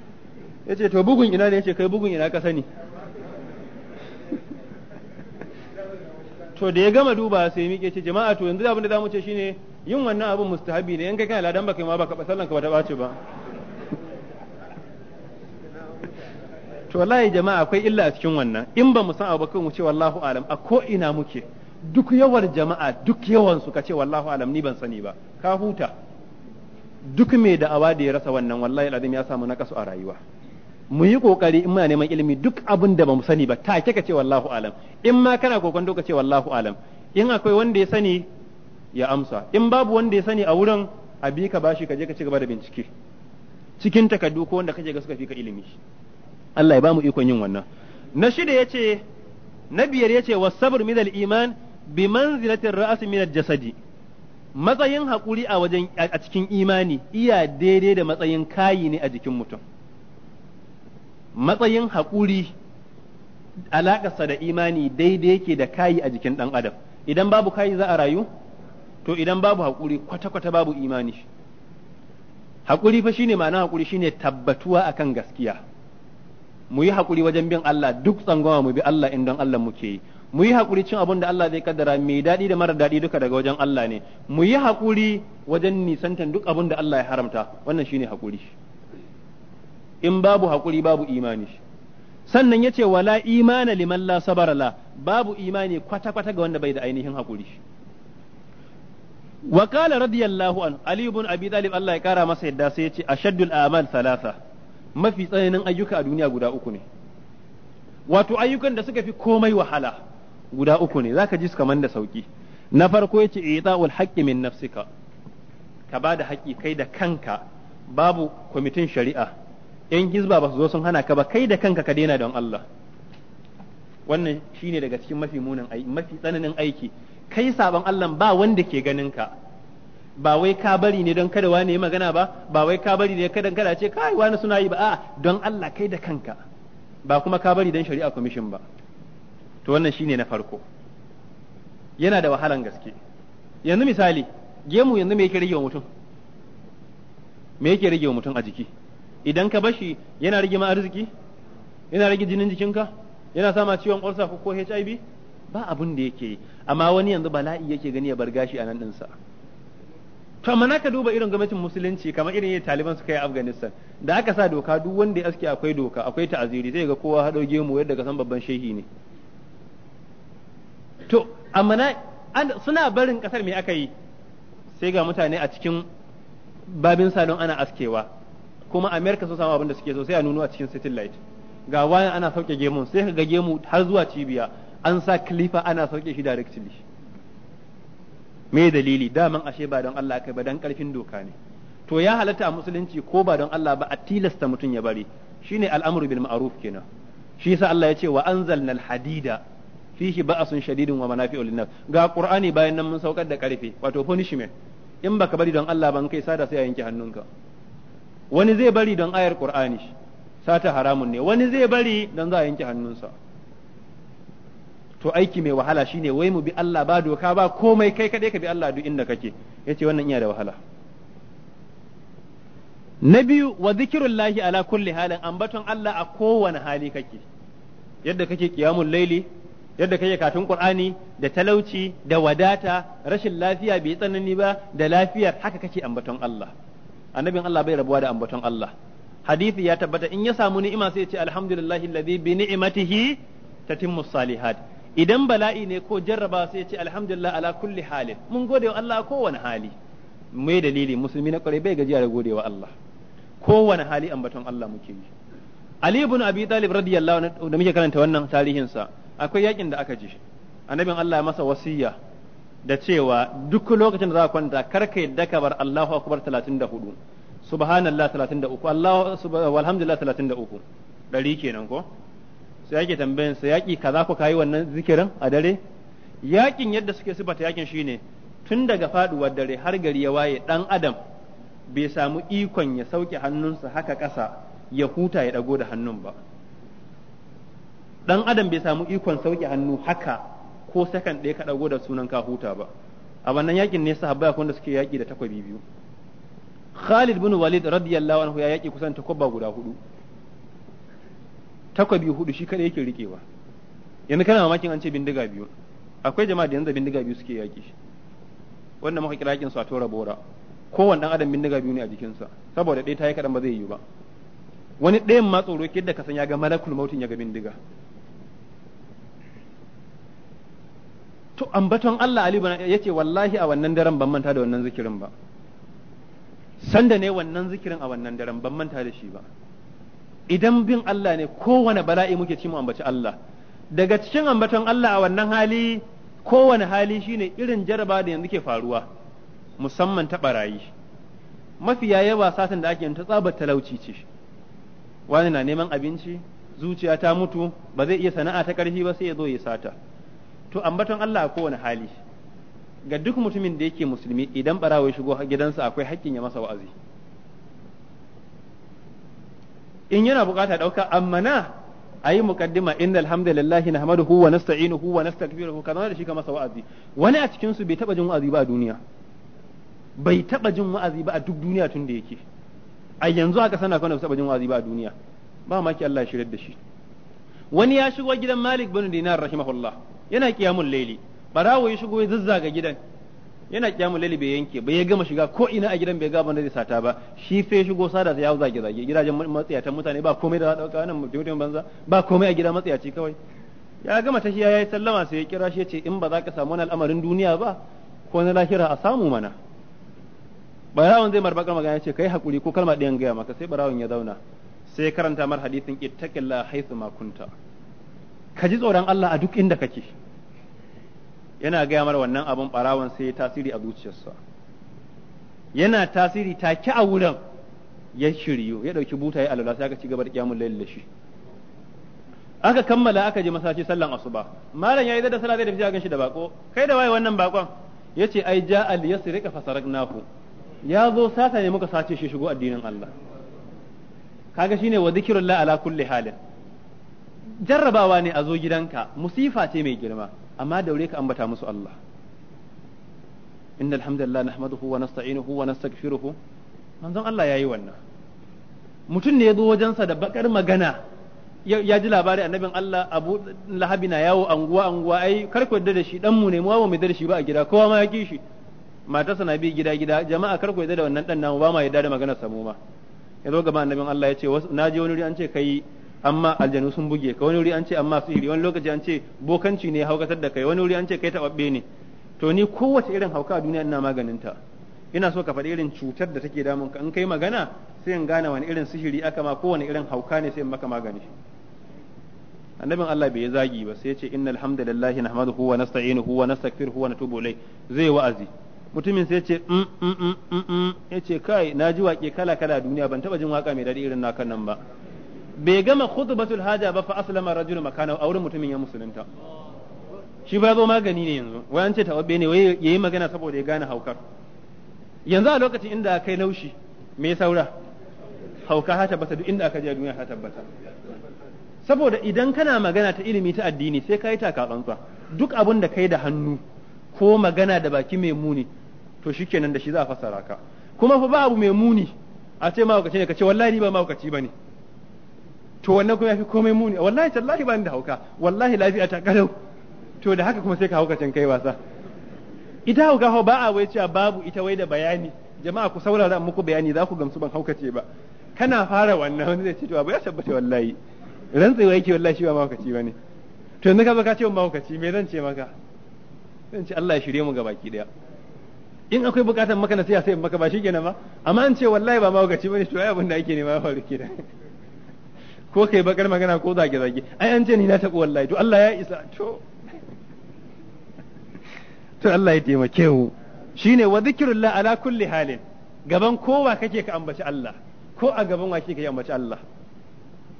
ya ce to bugun ina ne ya ce kai bugun ina ka sani <laughs> to da ya gama duba sai ya miƙe ce jama'a to yanzu abin da mu ce shine yin wannan abin mustahabi ne in kai kana ladan baka ma baka sallan ka bata ɓace ba <laughs> to wallahi jama'a akwai illa a cikin wannan in ba mu san abu ba kan mu ce wallahu alam a ko ina muke duk yawar jama'a duk yawan su kace wallahu alam ni ban sani ba ka huta duk mai da awa da ya rasa wannan wallahi alazim ya samu nakasu a rayuwa mu yi kokari in muna neman ilimi duk abin da bamu sani ba take ka ce wallahu alam in ma kana kokon ka ce wallahu alam in akwai wanda ya sani ya amsa in babu wanda ya sani a wurin a bi ka bashi ka je ka ci gaba da bincike cikin takardu ko wanda kake ga suka fi ka ilimi Allah ya bamu ikon yin wannan na shida yace na biyar yace wasabr min al iman bi manzilatin ra'asi min jasadi matsayin hakuri a wajen a cikin imani iya daidai da matsayin kayi ne a jikin mutum matsayin hakuri alakarsa da imani daidai yake da kayi a jikin dan adam idan babu kayi za a rayu to idan babu hakuri kwata-kwata babu imani hakuri fa shine ma'ana hakuri shine tabbatuwa akan gaskiya mu yi hakuri wajen bin Allah duk tsangwama mu bi Allah in don Allah muke yi mu yi haƙuri cin abin da Allah zai kaddara mai daɗi da mara daɗi duka daga wajen Allah ne mu yi haƙuri wajen nisantan duk abin da Allah ya haramta wannan shine haƙuri in babu haƙuri babu imani sannan yace wala imana liman la sabara la babu imani kwata kwata ga wanda bai da ainihin hakuri wa qala radiyallahu an ali ibn abi talib Allah ya kara masa yadda sai yace ashaddul a'mal salasa mafi tsananin ayyuka a duniya guda uku ne wato ayyukan da suka fi komai wahala guda uku ne zaka ji su kamar da sauki na farko yace ita'ul haqqi min nafsika ka bada haƙƙi kai da kanka babu kwamitin shari'a yan gizba ba su zo sun hana ka ba kai da kanka ka daina don Allah wannan shine daga cikin mafi munin aiki mafi tsananin aiki kai saban Allah ba wanda ke ganin ka ba wai ka bari ne don kada wani magana ba ba wai ka bari ne kada kada ce kai wani suna yi ba a don Allah kai da kanka ba kuma ka bari don shari'a commission ba to wannan shine na farko yana da wahalan gaske yanzu misali gemu yanzu me yake rage mutum me yake rage mutum a jiki idan ka bashi yana rage ma arziki yana rage jinin jikinka yana sama ciwon ƙwarsa ko HIV ba abun da yake yi amma wani yanzu bala'i yake gani ya bar gashi a nan ɗinsa to amma naka duba irin gwamnatin musulunci kamar irin yadda taliban suka yi Afghanistan da aka sa doka duk wanda ya aske akwai doka akwai ta'aziri zai ga kowa haɗo gemu yadda ka san babban shehi ne to amma suna barin kasar me aka yi sai ga mutane a cikin babin salon ana askewa kuma america sun samu abin da suke so sai a nuno a cikin city light ga wani ana sauke gemu sai ka ga gemu har zuwa cibiya an sa kilifa ana sauke shi directly me dalili daman ashe ba don Allah kai ba dan karfin doka ne to ya halatta a musulunci ko ba don Allah ba a tilasta mutum ya bari shine al'amru bil ma'ruf kenan shi yasa Allah ya ce wa anzalnal hadida fihi ba'asun shadidun wa manafi'u linnas ga qur'ani bayan nan mun saukar da karfe wato punishment in baka bari don Allah ban kai sada sai a yanke hannunka wani zai bari don ayar qur'ani sata haramun ne wani zai bari don za a yanke hannunsa to aiki mai wahala shine wai mu bi Allah ba doka ba komai kai kadai ka bi Allah duk inda kake yace wannan iya da wahala na biyu wa zikirullahi ala kulli halin ambaton Allah a kowane hali kake yadda kake qiyamul laili yadda kake katun qur'ani da talauci da wadata rashin lafiya bai tsanani ba da lafiyar haka kake ambaton Allah annabin Allah bai rabuwa da ambaton Allah hadisi ya tabbata in ya samu ni'ima sai ya ce alhamdulillahi alladhi bi ni'matihi tatimmu salihat idan bala'i ne ko jarraba sai ya ce alhamdulillah ala kulli halin mun gode wa Allah kowane hali me dalili musulmi na kwarai bai gajiya da gode wa Allah kowane hali ambaton Allah muke yi Ali ibn Abi Talib radiyallahu anhu da muke karanta wannan tarihin sa akwai yakin da aka ji annabin Allah ya masa wasiya da cewa duk lokacin da za ka kwanta kar ka yadda ka bar Allahu akbar 34 subhanallah 33 Allahu walhamdulillah 33 dari kenan ko sai yake tambayan sa yaki kaza ko kai wannan zikirin a dare yakin yadda suke sifata yakin shine tun daga faduwar dare har gari ya waye dan adam bai samu ikon ya sauke hannunsa haka ƙasa ya huta ya dago da hannun ba dan adam bai samu ikon sauke hannu haka ko sakan ɗaya ka ɗago da sunan ka huta ba a wannan yakin ne sahabbai akwai wanda suke yaki da takwabi biyu Khalid bin Walid radiyallahu anhu ya yaki kusan takwabba guda hudu takwabi hudu shi kadai yake rikewa yanzu kana mamakin an ce bindiga biyu akwai jama'a da yanzu bindiga biyu suke yaki wanda muka kira yakin su a tora bora kowanne dan adam bindiga biyu ne a jikinsa saboda ɗaya ta yi kaɗan ba zai yi ba wani ɗayan ma tsoro yadda ka san ya ga malakul mautin ya ga bindiga to ambaton Allah Ali ya ce wallahi a wannan daren ban manta da wannan zikirin ba sanda ne wannan zikirin a wannan daren ban manta da shi ba idan bin Allah ne kowane bala'i muke ci mu ambaci Allah daga cikin ambaton Allah a wannan hali kowane hali shine irin jaraba da yanzu ke faruwa musamman ta barayi mafiya yawa satan da ake yin ta tsabar talauci ce wani na neman abinci zuciya ta mutu ba zai iya sana'a ta karfi ba sai ya zo ya sata to ambaton Allah a kowane hali ga duk mutumin da yake musulmi idan barawai shigo gidansa akwai haƙƙin ya masa wa'azi in yana bukata dauka amma na a ayi muqaddima inna alhamdulillahi sta'inu huwa na wa huwa kana da shi ka masa wa'azi wani a cikinsu bai taba jin wa'azi ba a duniya bai taba jin wa'azi ba a duk duniya tun da yake a yanzu haka sana kana taba jin wa'azi ba a duniya ba maki Allah ya shirar da shi wani ya shigo gidan Malik bin Dinar rahimahullah yana kiyamul laili barawo ya shigo ya zazzaga gidan yana kiyamul laili bai yanke bai ya gama shiga ko ina a gidan bai ga banda zai sata ba shi sai shigo sada ya zage zage gidajen matsiyatan mutane ba komai da dauka wannan mutum banza ba komai a gida matsiyaci kawai ya gama tashiya yayi sallama sai ya kira shi ya ce in ba za ka samu wani al'amarin duniya ba ko na lahira a samu mana barawon zai marbaka magana ce kai hakuri ko kalma ɗayan gaya maka sai barawon ya zauna sai karanta mar hadisin ittaqillah haythu ma kunta ka ji tsoron Allah a duk inda kake yana gaya mara wannan abin barawan sai ya tasiri a zuciyarsa yana tasiri take a wurin ya shiryu ya dauki buta ya alwala sai aka ci gaba da kiyamul layl shi aka kammala aka je masallaci sallan asuba malam ya yayi da sallah zai tafi gan shi da bako kai da waye wannan bakon ce ai ja ja'a li fasarar naku ya zo sata ne muka sace shi shigo addinin Allah kaga shine wa zikrullah ala kulle halin jarrabawa ne a zo gidanka musifa ce mai girma amma daure ka ambata musu Allah innal hamdalillah nahmaduhu wa nasta'inuhu wa nastaghfiruhu manzon Allah yayi wannan mutum ne ya zo wajensa da bakar magana ya ji labari annabin Allah Abu Lahabi na yawo anguwa anguwa ai kar ku yarda da shi dan mu ne mu ba mu yarda da shi ba a gida kowa ma ya ki shi matarsa na bi gida gida jama'a kar ku yarda da wannan dan namu ba ma yarda da maganar sa mu ma yazo gaba annabin Allah ya ce na je wani wuri an ce kai amma aljanu sun buge ka wani wuri an ce amma sihiri wani lokaci an ce bokanci ne haukatar da kai wani wuri an ce kai taɓaɓɓe ne to ni kowace irin hauka a duniya ina maganin ta ina so ka faɗi irin cutar da take damun ka in kai magana sai in gane wani irin sihiri aka ma kowane irin hauka ne sai in maka magani annabin Allah bai zagi ba sai ya ce innal hamdalillahi nahmaduhu wa nasta'inuhu wa nastaghfiruhu wa natubu ilayh zai wa'azi mutumin sai ce mm, mm, mm, ya ce kai na ji waƙe kala kala duniya ban taba jin waƙa mai daɗi irin nakan nan ba bai gama khutbatul haja ba fa aslama rajulun makana a wurin mutumin ya musulunta shi ba zo magani ne yanzu wai an ce tawabbe ne wai yayi magana saboda ya gane haukar yanzu a lokacin inda kai laushi me saura hauka ha tabbata duk inda aka je duniya ha tabbata saboda idan kana magana ta ilimi ta addini sai ka yi taka duk abin da kai da hannu ko magana da baki mai muni to shikenan da shi za a fassara ka kuma fa ba abu mai muni a ce mahaukaci ne ka ce wallahi ni ba mahaukaci ba ne to wannan kuma ya fi komai muni wallahi tallahi ba ni da hauka wallahi lafiya ta kalau to da haka kuma sai ka hauka can kai wasa ita hauka ba a wai cewa babu ita wai da bayani jama'a ku saurara muku bayani za ku gamsu ban haukace ba kana fara wannan wani zai ce to abu ya tabbata wallahi rantsewa yake wallahi shi ba mahaukaci bane to yanzu ka zo ka ce mahaukaci me zan ce maka zan ce Allah ya shirye mu gabaki daya in akwai bukatar maka nasiha sai maka ba kenan ba amma an ce wallahi ba mahaukaci bane to ai abin da ake nema ya faru kenan ko kai bakar magana ko zage zage ai an ce ni na tabo wallahi to Allah ya isa to to Allah ya taimake mu shine wa zikrullah ala kulli halin gaban kowa kake ka ambaci Allah ko a gaban wa kake ka ambaci Allah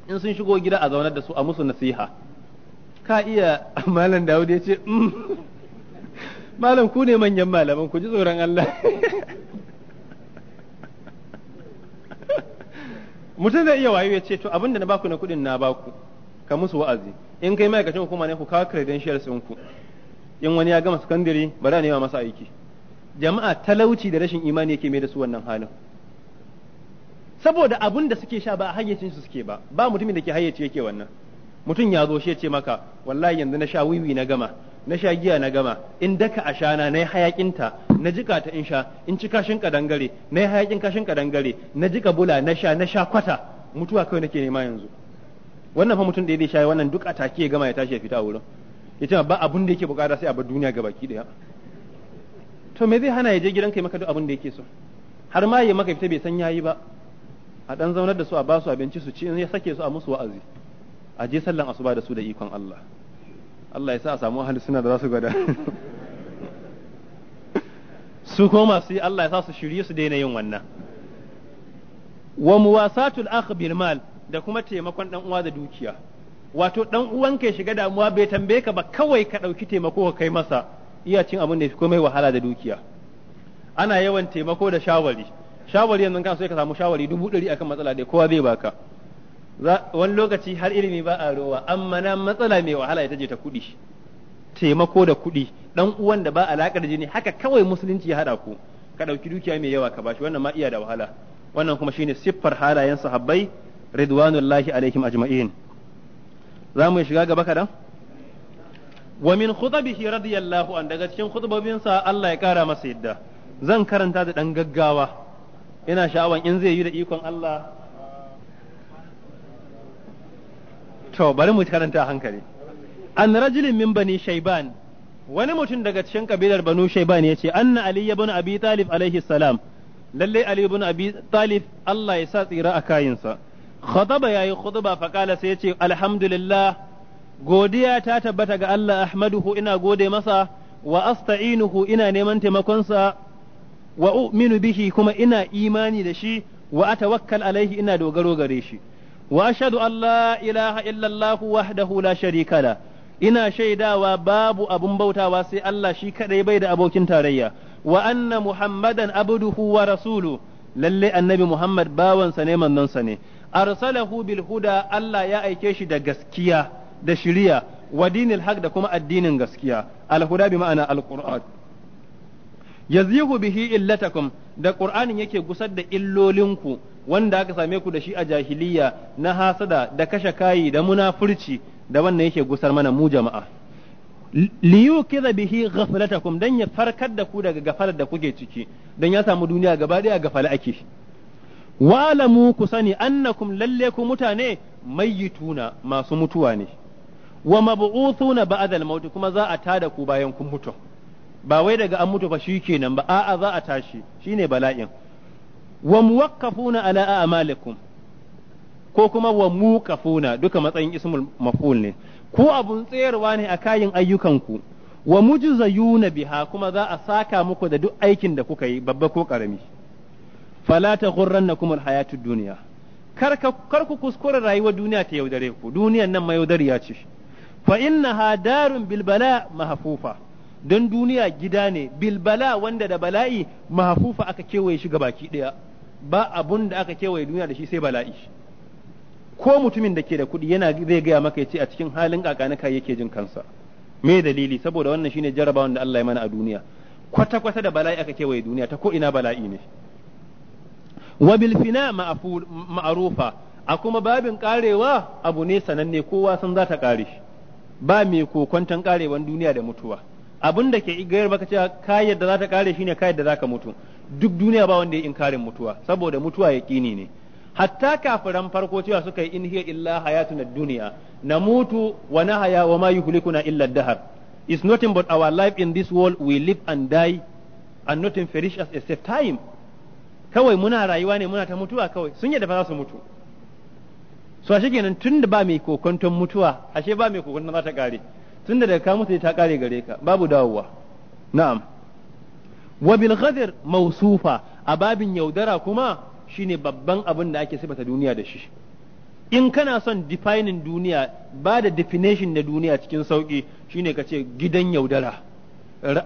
in sun shigo gida a zaunar da su a musu nasiha ka iya <laughs> malam Dawud ya ce mm. <laughs> malam ku ne manyan malaman ku ji tsoron Allah <laughs> mutum zai iya wayo ya ce to abinda na baku na kuɗin na baku ka musu wa'azi in kai ma'aikacin hukuma ne ku kawo credentials ɗinku in wani ya gama sakandare ba za a nema masa aiki jama'a talauci da rashin imani yake mai da su wannan halin saboda abun da suke sha ba a hayyacin su suke ba ba mutumin da ke hayyace yake wannan mutum ya zo shi ya ce maka wallahi yanzu na sha wiwi na gama na sha giya na gama in daka a ashana na yi hayakinta na jika ta in sha in ci kashin kadangare na yi hayakin kashin kadangare na jika bula na sha na sha kwata mutuwa kawai nake nema yanzu wannan fa mutum da ya sha wannan duk a take ya gama ya tashi ya fita a wurin ya ba abun da yake bukata sai a bar duniya ga baki daya to me zai hana ya je gidan kai maka duk abun da yake so har ma ya maka fita bai san yayi ba a dan zaunar da su a ba su abinci su ci in ya sake su a musu wa'azi a je sallan asuba da su da ikon Allah Allah ya sa a samu ahli suna da za su gada <laughs> su ko masu yi Allah ya sa su shirye su daina yin wannan wa muwasatul akh bil mal da kuma taimakon dan uwa da dukiya wato dan uwanka ya shiga damuwa bai tambaye ka ba kawai ka dauki taimako ka kai masa iya cin abin da fi komai wahala da dukiya ana yawan taimako da shawari shawari yanzu kan sai ka samu shawari dubu ɗari akan matsala da kowa bai baka wani lokaci har ilimi ba a rowa amma na matsala mai wahala ita je ta kuɗi taimako da kuɗi dan uwan da ba alakar jini haka kawai musulunci ya hada ku ka ɗauki dukiya mai yawa ka bashi wannan ma iya da wahala wannan kuma shine siffar halayen sahabbai ridwanullahi alaihim ajma'in za shiga gaba kadan wa min khutbihi radiyallahu an daga cikin sa Allah ya kara masa yadda zan karanta da dan gaggawa ina sha'awan in zai yi da ikon Allah to bari mu karanta hankali an rajulin min bani shayban wani mutum daga cikin kabilar banu shaiban ya ce anna ali ibn abi talib alaihi salam lalle ali ibn abi talib Allah ya sa tsira a kayinsa khutaba yayi khutba fa kala sai ya ce alhamdulillah godiya ta tabbata ga Allah ahmaduhu ina gode masa wa asta'inuhu ina neman taimakonsa wa u'minu bihi kuma ina imani da shi wa atawakkal alaihi ina dogaro gare shi wa ashhadu an la ilaha illallah wahdahu la sharika la ina shaidawa babu abun bautawa sai Allah shi kadai bai da abokin tarayya wa anna muhammadan abduhu wa rasulu lalle annabi muhammad bawansa ne manzonsa ne arsalahu bil huda Allah ya aike shi da gaskiya da shiriya wa dinil haq da kuma addinin gaskiya al huda bi ma'ana al qur'an yazihu bihi illatakum da qur'anin yake gusar da illolinku wanda aka same ku da shi a jahiliya na hasada da kashe kayi da munafurci da wannan yake gusar mana mu jama'a liyu kiza bihi ghaflatakum dan ya farkar da ku daga gafalar da kuke ciki dan ya samu duniya gaba daya gafala ake walamu ku sani annakum lalle ku mutane mayyituna masu mutuwa ne wa mab'uthuna ba'dal maut kuma za a tada ku bayan kun mutu ba wai daga an mutu fa shikenan ba a'a za a tashi shine bala'in wa muwaqqafuna ala a'malikum ko kuma wa muqafuna duka matsayin ismul maf'ul ne ku abun tsayarwa ne a kayin ayyukanku wa mujzayuna biha kuma za a saka muku da duk aikin da kuka yi babba ko karami fala taghurrannakum alhayatud dunya kar ku kuskura rayuwar duniya ta yaudare ku duniyan nan mayaudariya ce fa innaha darun bil bala mahfufa don duniya gida ne bilbala wanda da bala'i mahfufa aka kewaye shi baki daya ba abun da aka kewaye duniya da shi sai bala'i ko mutumin da ke da kuɗi yana zai gaya maka ya ce a cikin halin kakanika yake jin kansa me dalili saboda wannan shine jarabawan da Allah ya mana a duniya kwata kwata da bala'i aka kewaye duniya ta ko ina bala'i ne wa bil fina ma'rufa a babin karewa abu ne sananne kowa san za ta kare ba mai kokontan karewan duniya da mutuwa abin da ke igayar baka cewa ka yadda za ta kare shine ka da zaka mutu duk duniya ba wanda ya inkarin mutuwa saboda mutuwa yaƙini ne hatta kafiran farko cewa suka yi in hiya illa hayatuna dunya namutu wa nahaya wa ma yuhlikuna illa dahar it's nothing but our life in this world we live and die and nothing perish as a safe time kawai muna rayuwa ne muna ta mutuwa kawai sun yadda fa za su mutu so ashe kenan tunda ba mai kokonton mutuwa ashe ba mai kokonton za ta kare tunda daga ka mutu ta kare gare ka babu dawowa na'am wa bil ghadir mawsufa a babin yaudara kuma shine babban abin da ake sifata duniya da shi in kana son defining duniya ba da definition na duniya cikin sauki shine ka ce gidan yaudara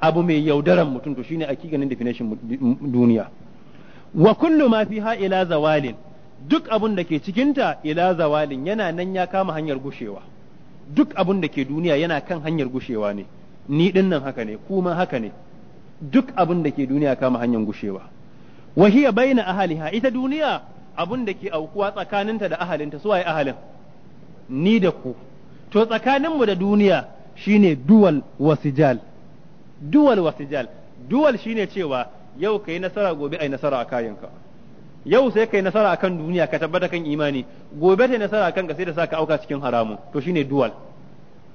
abu mai yaudaran mutum to shine ganin definition duniya wa kullu ma fiha ila zawalin duk abun da ke cikinta ila zawalin yana nan ya kama hanyar gushewa duk abun da ke duniya yana kan hanyar gushewa ne ni ɗin nan haka ne kuma haka ne duk abun da ke duniya kama hanyar gushewa wa hiya baina ahliha ita duniya abun da ke aukuwa tsakaninta da ahalinta su waye ahalin ni da ku to tsakaninmu da duniya shine duwal wasijal duwal wasijal duwal shine cewa yau kai nasara gobe ai nasara a kayanka yau sai kai nasara akan duniya ka tabbata kan imani gobe sai nasara akan ka sai da saka auka cikin haramu to shine duwal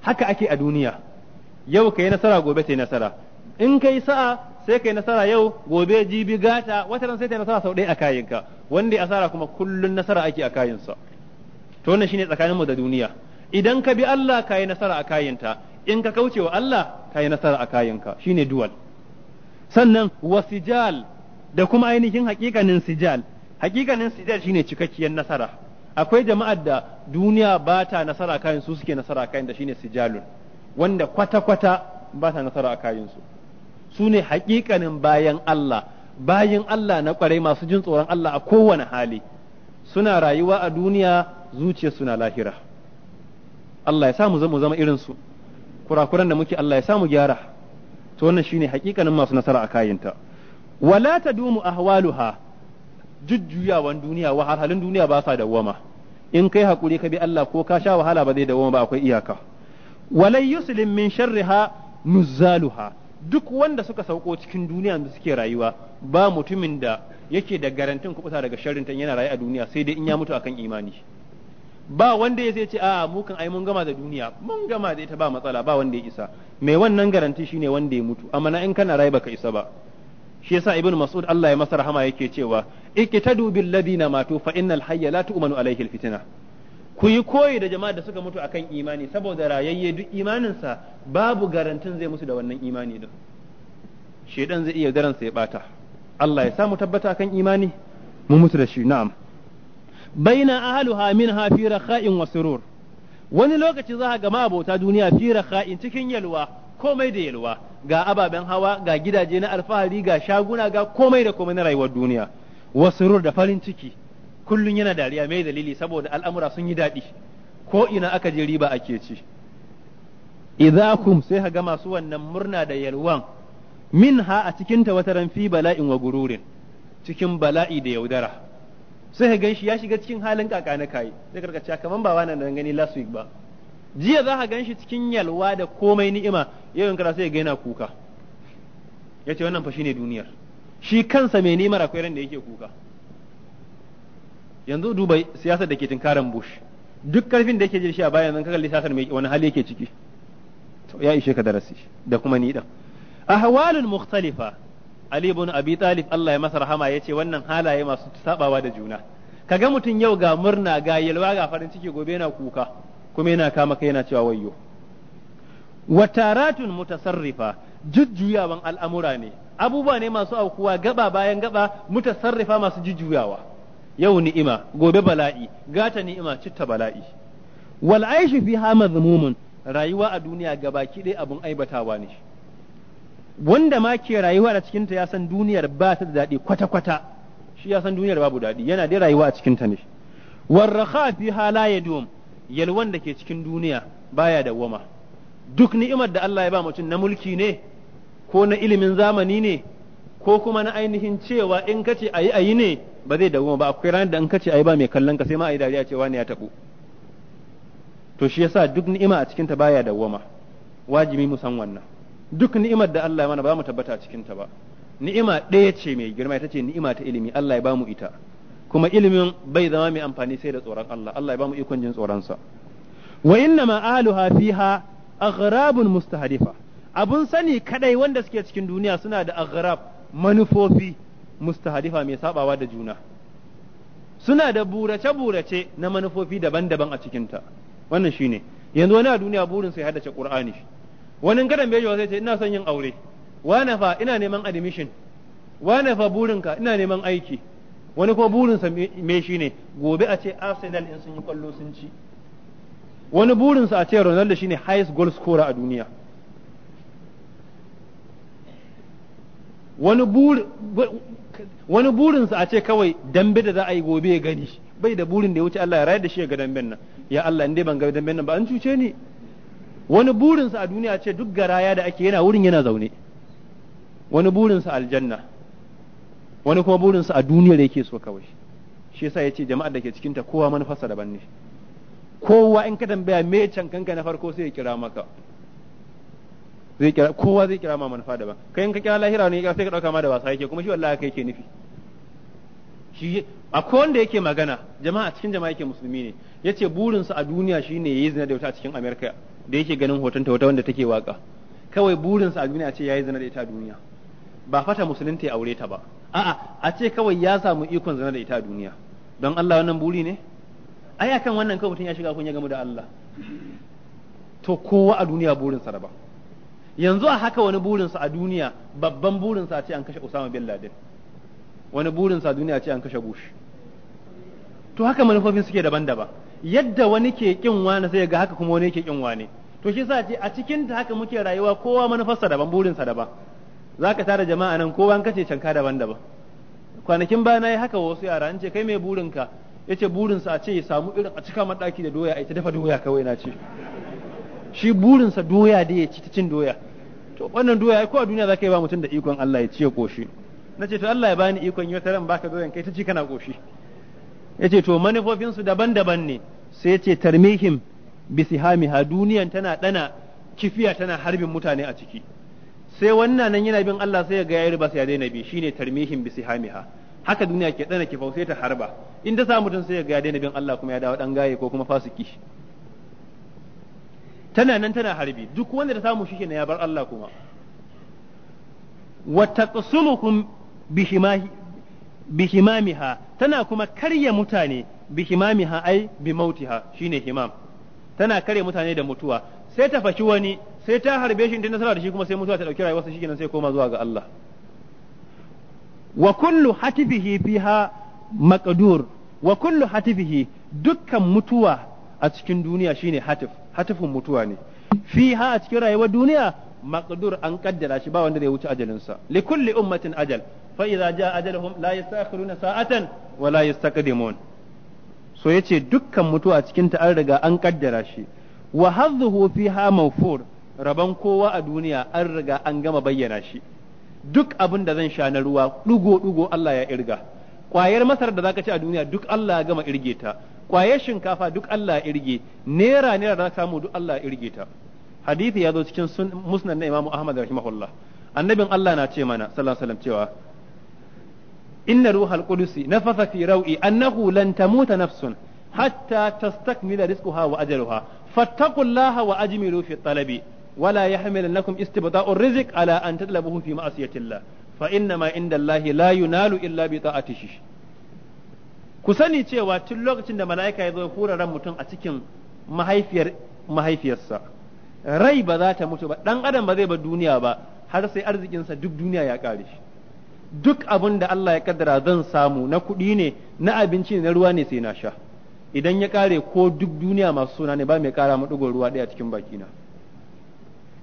haka ake a duniya yau kai nasara gobe sai nasara in kai sa'a sai kai nasara yau gobe jibi gata wata ran sai kai nasara sau ɗaya a kayanka wanda ya asara kuma kullun nasara ake a kayansa to wannan shine tsakaninmu da duniya idan ka bi Allah ka yi nasara a kayanta in ka kauce wa Allah ka yi nasara a kayanka shine duwal sannan wasijal da kuma ainihin hakikanin sijal hakikanin sijal shine cikakkiyar nasara akwai jama'ar da duniya ba ta nasara a kayan su suke nasara a kayan da shine sijalun wanda kwata-kwata ba ta nasara a kayan su su ne haƙiƙanin bayan Allah bayan Allah na kwarai masu jin tsoron Allah a kowane hali suna rayuwa a duniya zuciya suna lahira Allah ya sa mu zama zama irin su kurakuran da muke Allah ya sa mu gyara to wannan shine haƙiƙanin masu nasara a kayinta wala tadumu ahwaluha jujjuyawan duniya halin duniya ba sa dawwama in kai hakuri ka bi Allah ko ka sha wahala ba zai dawwama ba akwai iyaka walai yuslim min sharriha nuzzaluha duk wanda suka sauko cikin duniya da suke rayuwa ba mutumin da yake da garantin kubuta daga sharrin yana rayu a duniya sai dai in ya mutu akan imani ba wanda ya zai ce a mu kan ai mun gama da duniya mun gama da ita ba matsala ba wanda ya isa mai wannan garanti shine wanda ya mutu amma na in kana rayu baka isa ba shi yasa ibnu mas'ud Allah ya masa rahama yake cewa ikitadu bil ladina matu fa innal hayya la tu'manu alaihi al ku yi koyi da jama'a da suka mutu akan imani saboda rayayye duk imaninsa babu garantin zai musu da wannan imani din shedan zai iya daransa ya bata Allah ya samu tabbata akan imani mu mutu da shi na'am baina ahluha minha fi rakha'in wa surur wani lokaci za ga abota duniya fi rakha'in cikin yalwa komai da yalwa ga ababen hawa ga gidaje na alfahari ga shaguna ga komai da komai na rayuwar duniya wa da farin ciki kullun yana dariya mai dalili saboda al'amura sun yi daɗi ko ina aka je riba ake ci idakum sai ka ga masu wannan murna da yalwan minha a cikin ta wata ran fi bala'in wa gururin cikin bala'i da yaudara sai ka ganshi ya shiga cikin halin kaka na kai sai karka cewa kaman ba wannan da gani last week ba jiya za ka ganshi cikin yalwa da komai ni'ima yau in sai ga yana kuka yace wannan fa shine duniyar shi kansa mai nimar akwai ran da yake kuka yanzu duba siyasar da ke tunkaran bush duk karfin da yake jirshi a bayan kalli siyasar mai wani hali yake ciki ya ishe ka darasi da kuma ni dan ahwalul mukhtalifa ali ibn abi talib Allah ya masa rahama yace wannan halaye masu sabawa da juna kaga mutum yau ga murna ga yalwa ga farin ciki gobe yana kuka kuma yana kama kai yana cewa wayyo wataratun mutasarrifa jujjuyawan al'amura ne abubuwa ne masu aukuwa gaba bayan gaba mutasarrifa masu jujjuyawa yau ni'ima gobe bala'i gata ni'ima citta bala'i wal aishu fiha mazmumun rayuwa a duniya gabaki ɗaya abun aibatawa ne wanda ma ke rayuwa a cikinta ya san duniyar ba ta da daɗi kwata-kwata shi ya san duniyar babu daɗi yana dai rayuwa a cikinta ne warraha fiha la yadum yalwan da ke cikin duniya baya wama. duk ni'imar da Allah ya ba mutum na mulki ne ko na ilimin zamani ne ko kuma na ainihin cewa in kace ayi ayi ne ba zai dawo ba akwai ranar da in kace ai ba mai kallon ka sai ma ai dariya ce wani ya tabo to shi yasa duk ni'ima a cikin ta baya dawoma wajibi mu san wannan duk ni'imar da Allah ya mana ba mu tabbata a cikin ta ba ni'ima ɗaya ce mai girma ita ce ni'ima ta ilimi Allah ya ba mu ita kuma ilimin bai zama mai amfani sai da tsoron Allah Allah ya ba mu ikon jin tsoron sa wa inna aluha fiha aghrabun mustahdifa abun sani kadai wanda suke cikin duniya suna da aghrab manufofi mustahadifa mai sabawa da juna suna da burace-burace na manufofi daban-daban a cikinta wannan shine yanzu wani a duniya burin sai haddace qur'ani wani gadan bejo sai ce ina son yin aure wani fa ina neman admission wani fa burinka ina neman aiki wani burin burinsa me shi ne gobe a ce arsenal in sun yi kwallo sun ci wani burinsa a ce ronaldo shine highest goal scorer a duniya wani wani burinsa a ce kawai dambe da za a yi gobe ya gani bai da burin da ya wuce Allah ya rayar da shi ga damben nan ya Allah inda ban ga damben nan ba an cuce ni wani burinsa a duniya ce duk garaya da ake yana wurin yana zaune wani burinsa aljanna wani kuma burinsa a duniyar yake so kawai shi yasa yace jama'ar da ke cikin ta kowa manufarsa daban ne kowa in ka tambaya me cankanka na farko sai ya kira maka zai kira kowa zai kira ma manufa daban kai in ka kira lahira ne sai ka dauka ma da wasa yake kuma shi wallahi kai yake nufi shi akwai wanda yake magana jama'a cikin jama'a yake musulmi ne yace burin sa a duniya shine yayi zina da wata cikin America da yake ganin hoton ta wata wanda take waka kawai burin sa a duniya ce yayi zina da ita a duniya ba fata musulunta ya aure ta ba a'a a ce kawai ya samu ikon zina da ita a duniya don Allah wannan buri ne ai akan wannan kawai mutum ya shiga kun ya gamu da Allah to kowa a duniya burin sa raba. yanzu a haka wani burinsa a duniya babban burinsa a ce an kashe Osama bin Laden wani burinsa a duniya a ce an kashe Bush to haka manufofin suke daban-daban yadda wani ke kin wani sai ga haka kuma wani ke kin wani to shi sa ce a cikin ta haka muke rayuwa kowa manufarsa daban burinsa daban zaka tara jama'a nan kowa an kace canka daban-daban kwanakin baya na yi haka wasu yara an ce kai mai burinka yace burinsa a ce ya samu irin a cika madaki da doya a ita dafa doya kawai na ce shi burinsa doya da ya ci ta cin doya to wannan doya ko a duniya zaka yi ba mutum da ikon Allah ya ciye koshi nace to Allah ya bani ikon yau taran baka doyan kai ta ci kana koshi yace to manufofin su daban-daban ne sai yace tarmihim hamiha duniyan tana dana kifiya tana harbin mutane a ciki sai wannan nan yana bin Allah sai ya ga yayi ba sai ya daina bi shine tarmihim hamiha. haka duniya ke dana kifau sai ta harba in ta samu mutum sai ya ga ya daina bin Allah kuma ya dawo dan gaye ko kuma fasiki tana nan tana harbi duk wanda ta samu shi ya bar Allah kuma wa bi himamiha tana kuma karya mutane himamiha ai bi mautiha shine himam tana karya mutane da mutuwa sai ta fashi wani sai ta harbe shi da nasara da shi kuma sai mutuwa ta dauki rayuwarsa shikenan sai koma zuwa ga Allah wa kullu hatifihi fiha maqdur wa kullu hatifihi dukkan mutuwa a cikin duniya shine hatif hatifin mutuwa ne fi ha a cikin rayuwar duniya maqdur an kaddara shi ba wanda zai wuce ajalinsa li kulli ummatin ajal fa idza jaa ajaluhum la yastakhiruna sa'atan wa la yastaqdimun so yace dukkan mutuwa cikin ta an riga an kaddara shi wa hadhuhu fiha mawfur raban kowa a duniya an riga an gama bayyana shi duk abin da zan sha na ruwa dugo dugo Allah ya irga kwayar masar da zaka ci a duniya duk Allah ya gama irge ta kwaye shinkafa duk Allah ya irge nera nera da samu duk Allah ya irge ta hadisi ya zo cikin musnad na Imam Ahmad rahimahullah annabin Allah na ce mana sallallahu alaihi cewa inna ruhal qudusi nafasa fi rawi annahu lan tamuta nafsun hatta tastakmila rizquha wa ajruha fattaqullaha wa ajmilu fi talabi ولا يحملنكم استبطاء الرزق على أن تطلبوه في fa inna ma عند الله لا illa إلا بطاعته ku sani cewa tun lokacin da mala'ika ya zo ya hura ran mutum a cikin mahaifiyar mahaifiyarsa rai ba za ta mutu ba dan adam ba zai ba duniya ba har sai arzikinsa duk duniya ya kare shi duk abin da Allah ya kaddara zan samu na kuɗi ne na abinci ne na ruwa ne sai na sha idan ya kare ko duk duniya masu suna ne ba mai kara mu dugo ruwa daya cikin baki na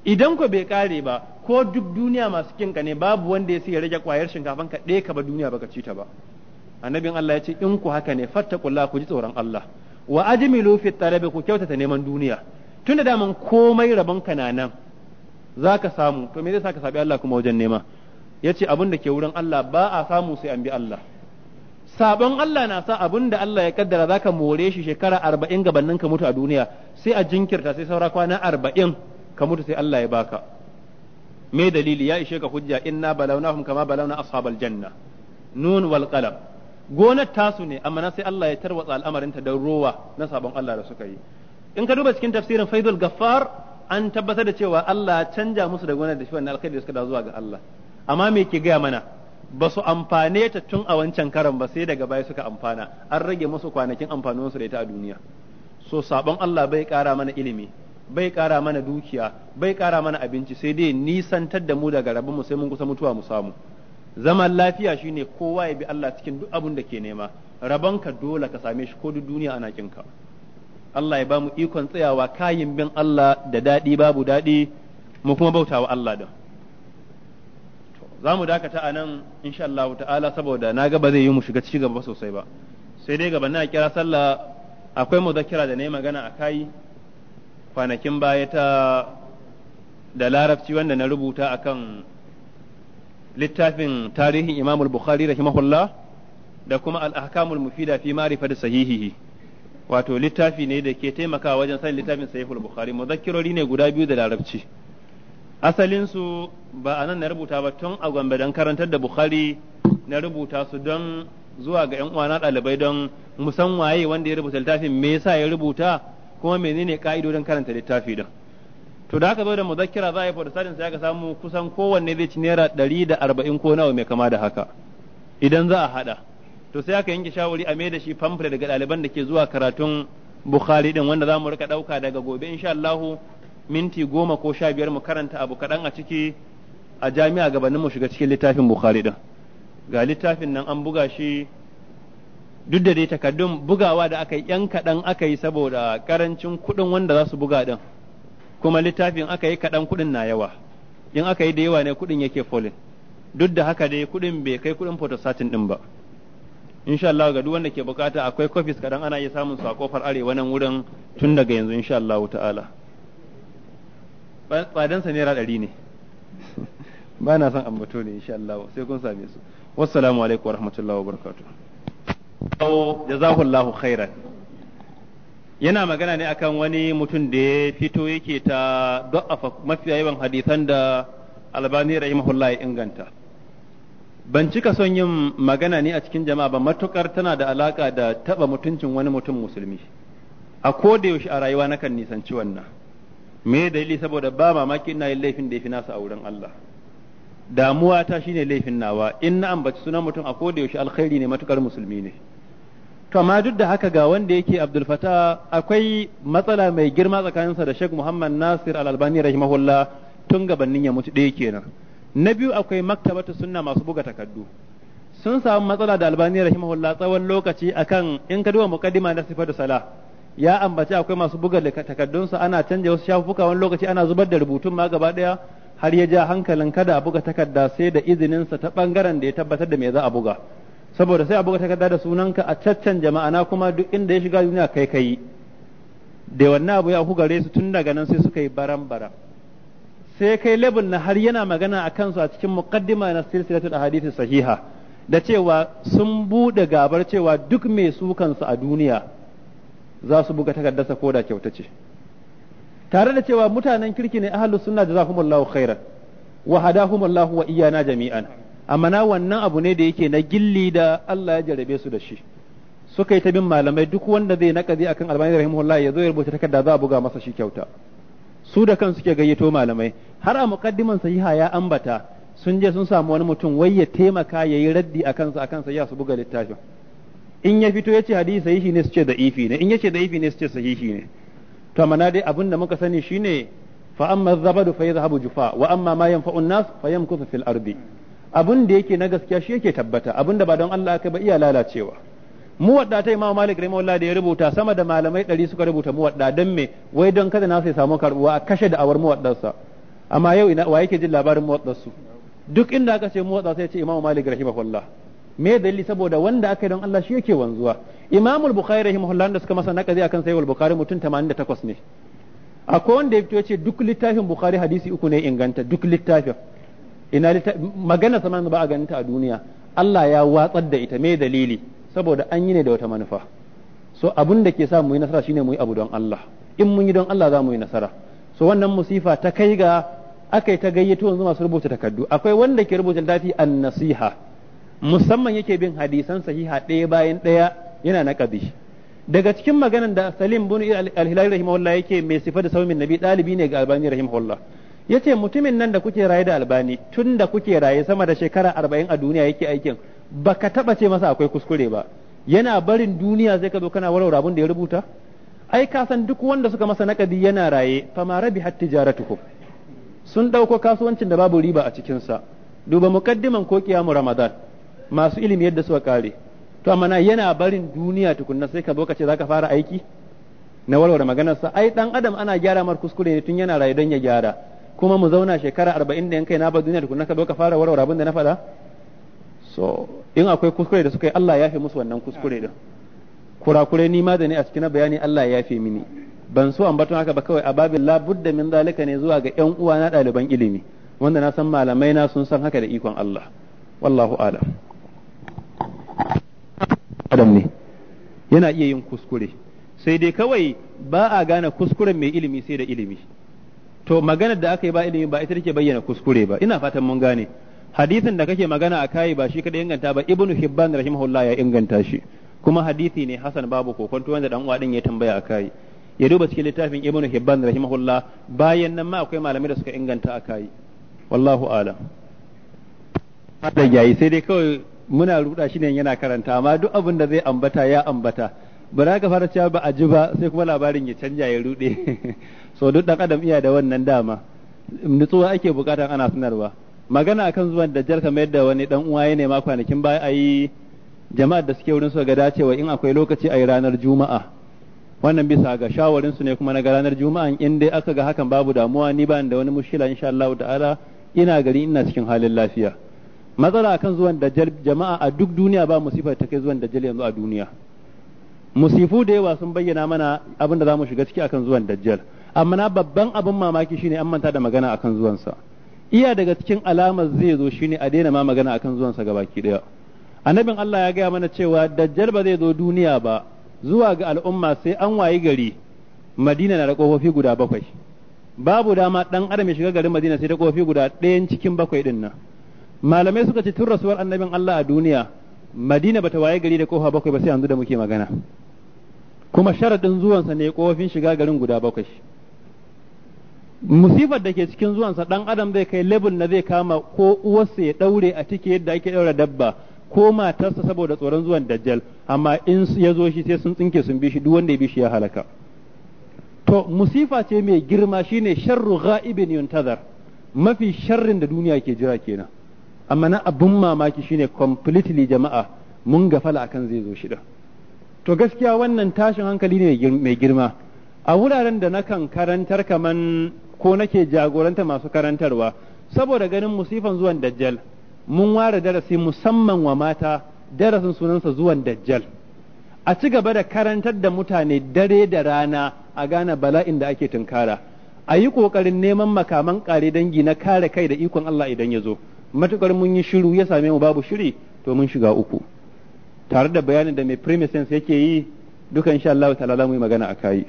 idan ko bai kare ba ko duk duniya masu kinka ne babu wanda ya sai ya rage kwayar shinkafa ka ɗaya ka ba duniya baka ci ta ba annabin Allah ya ce in ku haka ne fattaqullaha ku ji tsoron Allah wa ajmilu fi talabi ku kyautata neman duniya tunda daman komai rabon ka na nan zaka samu to me zai saka sabi Allah kuma wajen nema yace abin da ke wurin Allah ba a samu sai an bi Allah sabon Allah na sa abin da Allah ya kaddara zaka more shi shekara arba'in gabanin ka mutu a duniya sai a jinkirta sai saura kwana arba'in ka mutu sai Allah ya baka me dalili ya ishe ka hujja inna balawnahum kama balawna ashabal janna nun wal qalam gonar tasu ne amma sai Allah ya tarwatsa ta da ruwa na sabon Allah da suka yi in ka duba cikin tafsirin Faidul Gaffar an tabbatar da cewa Allah canja musu da gonar da shi wannan alkhairi da suka da zuwa ga Allah amma me ke gaya mana ba su amfane ta tun a wancan karan ba sai daga baya suka amfana an rage musu kwanakin amfanin su da ita a duniya so sabon Allah bai kara mana ilimi bai kara mana dukiya bai kara mana abinci sai dai nisantar da mu daga rabbinmu sai mun kusa mutuwa mu samu zaman lafiya shine kowa ya bi Allah cikin duk abin da ke nema rabanka dole ka same shi ko duk duniya ana kinka Allah ya bamu ikon tsayawa kayin bin Allah da dadi babu dadi mu kuma bautawa Allah da za mu dakata a nan insha Allah ta'ala saboda na ga ba zai yi mu shiga ci gaba sosai ba sai dai gaba na kira sallah akwai zakira da na yi magana a kai kwanakin baya ta da larabci wanda na rubuta akan littafin tarihin Imam al-Bukhari rahimahullah da kuma al-Ahkamul Mufida fi ma'rifati sahihihi wato littafi ne da ke taimakawa wajen sanin littafin Sahihul Bukhari muzakkirori ne guda biyu da larabci asalin su ba anan na rubuta ba tun a Gombe dan karantar da Bukhari na rubuta su don zuwa ga 'yan uwana dalibai don musan waye wanda ya rubuta littafin me yasa ya rubuta kuma menene ka'idodin karanta littafi din to da aka zo da muzakkira za a yi fursarin sai aka samu kusan kowanne zai ci naira ɗari da arba'in ko nawa mai kama da haka idan za a haɗa to sai aka yanke shawari a maida da shi famfure daga ɗaliban da ke zuwa karatun bukhari din wanda za mu rika ɗauka daga gobe insha Allahu minti goma ko sha biyar mu karanta abu kaɗan a ciki a jami'a gabanin mu shiga cikin littafin bukhari din ga littafin nan an buga shi duk da dai takaddun bugawa da aka yi yan kaɗan aka yi saboda karancin kuɗin wanda za su buga din kuma littafin aka yi kaɗan kuɗin na yawa in aka yi da yawa ne kuɗin yake folin duk da haka dai kuɗin bai kai kuɗin photosatin ɗin ba insha Allah ga duk wanda ke bukata akwai kofis kaɗan ana iya samun su a kofar arewa nan wurin tun daga yanzu insha Allah ta'ala tsadansa naira ɗari ne <laughs> ba na son ambato ne insha Allah sai kun same su wassalamu alaikum wa wabarakatuh jazakallahu khairan yana magana ne akan wani mutum da ya fito yake ta do’afa mafiya yawan hadisan da albani rahimahullah ya inganta ban cika son yin magana ne a cikin jama'a ba matukar tana da alaka da taba mutuncin wani mutum musulmi a ko da yaushe a rayuwa nakan nisanci wannan me dalili saboda ba mamaki ina yin laifin da ya fi nasa a wurin Allah damuwa ta shine laifin nawa in na ambaci sunan mutum a ko da yaushe alkhairi ne matukar musulmi ne to amma duk da haka ga wanda yake Abdul Fatah akwai matsala mai girma tsakaninsa da Sheikh Muhammad Nasir Al-Albani rahimahullah tun gabanin ya mutu ɗaya kenan na biyu akwai maktabatu sunna masu buga takaddu sun samu matsala da Albani rahimahullah tsawon lokaci akan in ka duba muqaddima na sifatu Sala ya ambaci akwai masu buga takaddun su ana canja wasu shafuka wani lokaci ana zubar da rubutun ma gaba daya har ya ja hankalin kada a buga takadda sai da izinin sa ta bangaren da ya tabbatar da me za a buga saboda sai a buga takarda da sunanka a jama'a na kuma duk inda ya shiga duniya kai kai da wannan abu ya ku gare su tun daga nan sai suka yi baran bara sai kai labin na har yana magana a kansu a cikin muqaddima na silsilatul ahadith sahiha da cewa sun bude gabar cewa duk mai sukansu a duniya za su buga takardarsa ko da kyauta ce tare da cewa mutanen kirki ne ahlus sunna jazakumullahu khairan wa hadahumullahu wa iyana jami'an amma na wannan abu ne da yake na gilli da Allah ya jarabe su da shi suka yi ta bin malamai duk wanda zai nakazi akan albani rahimahullah ya zo ya rubuta takarda za a buga masa shi kyauta su da kansu suke gayyato malamai har a muqaddiman sahiha ya ambata sun je sun samu wani mutum wai ya taimaka ya yi raddi a kansa a kansa ya su buga littafin in ya fito ya ce hadisi sahihi ne su ce da'ifi ne in ya ce da'ifi ne su ce sahihi ne to amma dai abin da muka sani shine fa amma zabadu fa yadhhabu jufa wa amma ma yanfa'u an-nas fa yamkuthu fil ardi abin da yake na gaskiya shi yake tabbata abin da ba don Allah aka ba iya lalacewa mu wadda ta Imam Malik rahimahullah da ya rubuta sama da malamai ɗari suka rubuta mu wadda dan me wai don kada na sai samu karbuwa a kashe da awar mu waddansa amma yau ina wa yake jin labarin mu su duk inda aka ce mu wadda sai ce Imam Malik rahimahullah me dalili saboda wanda aka yi don Allah shi yake wanzuwa Imam al-Bukhari rahimahullah da suka masa nakazi akan sai al-Bukhari mutum 88 ne akwai wanda ya fito ya ce duk littafin Bukhari hadisi uku ne inganta duk littafin ina magana sama ba a ta a duniya Allah ya watsar da ita me dalili saboda an yi ne da wata manufa so abun da ke sa mu yi nasara shine mu yi abu don Allah in mun yi don Allah za mu yi nasara so wannan musifa ta kai ga akai ta gayyato yanzu masu rubuta takardu akwai wanda ke rubuta dafi an-nasiha musamman yake bin hadisan sahiha ɗaya bayan ɗaya yana na kabi daga cikin maganan da Salim bin al-Hilali rahimahullah yake mai sifa da saumin nabi dalibi ne ga Albani rahimahullah yace mutumin nan da kuke raye da albani tun da kuke raye sama da shekara arba'in a duniya yake aikin baka taɓa ce masa akwai kuskure ba yana barin duniya zai ka zo kana warware abin da ya rubuta ai ka san duk wanda suka masa nakabi yana raye fa ma rabi hatta tijaratukum sun dauko kasuwancin da babu riba a cikin sa duba mukaddiman ko kiyamu ramadan masu ilimi yadda suka kare to amma yana barin duniya tukunna sai ka zo ka ce zaka fara aiki na maganar sa ai dan adam ana gyara mar kuskure ne tun yana raye don ya gyara kuma mu zauna shekara arba'in da yankai na ba duniya tukunna ka zo ka fara warware abin da na faɗa so in akwai kuskure da suka yi Allah ya fi musu wannan kuskure da kurakure ni ma da ni a cikin bayani Allah ya fi mini ban so batun haka ba kawai a babin labudda min zalika ne zuwa ga yan uwa na ɗaliban ilimi wanda na san malamai na sun san haka da ikon Allah wallahu alam adam ne yana iya yin kuskure sai dai kawai ba a gane kuskuren mai ilimi sai da ilimi to maganar da aka yi ba ilimi ba ita take bayyana kuskure ba ina fatan mun gane hadisin da kake magana a kai ba shi kada inganta ba ibnu hibban rahimahullah ya inganta shi kuma hadisi ne hasan babu kokonto wanda dan uwa din ya tambaya a kai ya duba cikin littafin ibnu hibban rahimahullah bayan nan ma akwai malamai da suka inganta a kai wallahu alam da yayi sai dai kawai muna ruda shi ne yana karanta amma duk abin da zai ambata ya ambata ba za ka fara cewa ba a ji ba sai kuma labarin ya canja ya rude <laughs> so duk dan adam iya da wannan dama nutsuwa ake bukatan ana sanarwa magana akan zuwan dajjal kamar yadda wani dan uwa ya nema kwanakin baya ayi jama'ar da suke wurin su ga dacewa in akwai lokaci ayi ranar juma'a wannan bisa ga shawarin su ne kuma na ga ranar juma'a in dai aka ga hakan babu damuwa ni ba da wani mushkila insha Allah ta'ala ina gari ina cikin halin lafiya matsala akan zuwan dajjal jama'a a duk duniya ba mu ta kai zuwan dajjal yanzu a duniya musifu da yawa sun bayyana mana abin da za mu shiga ciki akan zuwan dajjal amma na babban abin mamaki shine an manta da magana akan zuwansa iya daga cikin alamar zai zo shine a daina ma magana akan zuwansa gabaki daya annabin Allah ya gaya mana cewa dajjal ba zai zo duniya ba zuwa ga al'umma sai an wayi gari madina na da kofofi guda bakwai babu dama dan adam ya shiga garin madina sai da kofi guda ɗayan cikin bakwai din nan malamai suka ce tun rasuwar annabin Allah a duniya madina bata waye gari da kofa bakwai ba sai yanzu da muke magana kuma sharaɗin zuwansa ne kofofin shiga garin guda bakwai musifar da ke cikin zuwansa ɗan adam zai kai lebul na zai kama ko uwarsa ya ɗaure a ciki yadda ake ɗaure dabba ko matarsa saboda tsoron zuwan dajjal amma in ya zo shi sai sun tsinke sun bi shi duk wanda ya bi shi ya halaka to musifa ce mai girma shine sharru ghaibin yuntazar mafi sharrin da duniya ke jira kenan amma na abun mamaki shine completely jama'a mun gafala akan zai zo shi da to gaskiya wannan tashin hankali ne mai girma a wuraren da nakan karantar kamar ko nake jagoranta masu karantarwa saboda ganin musifan zuwan dajjal mun ware darasi musamman wa mata darasin sunansa zuwan dajjal a ci gaba da karantar da mutane dare da rana a gane bala'in da ake tunkara a yi ƙoƙarin neman makaman ƙare dangi na kare kai da ikon Allah idan ya zo matuƙar mun yi shiru ya same mu babu shiri to mun shiga uku tare da bayanin da mai premises yake yi dukan insha Allah ta'ala za mu yi magana a kai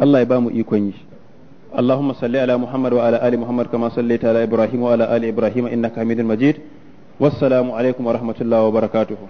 Allah ya ba mu ikon yi Allahumma salli ala Muhammad wa ala ali Muhammad Ibrahim innaka Hamidul Majid wassalamu alaikum wa wa barakatuh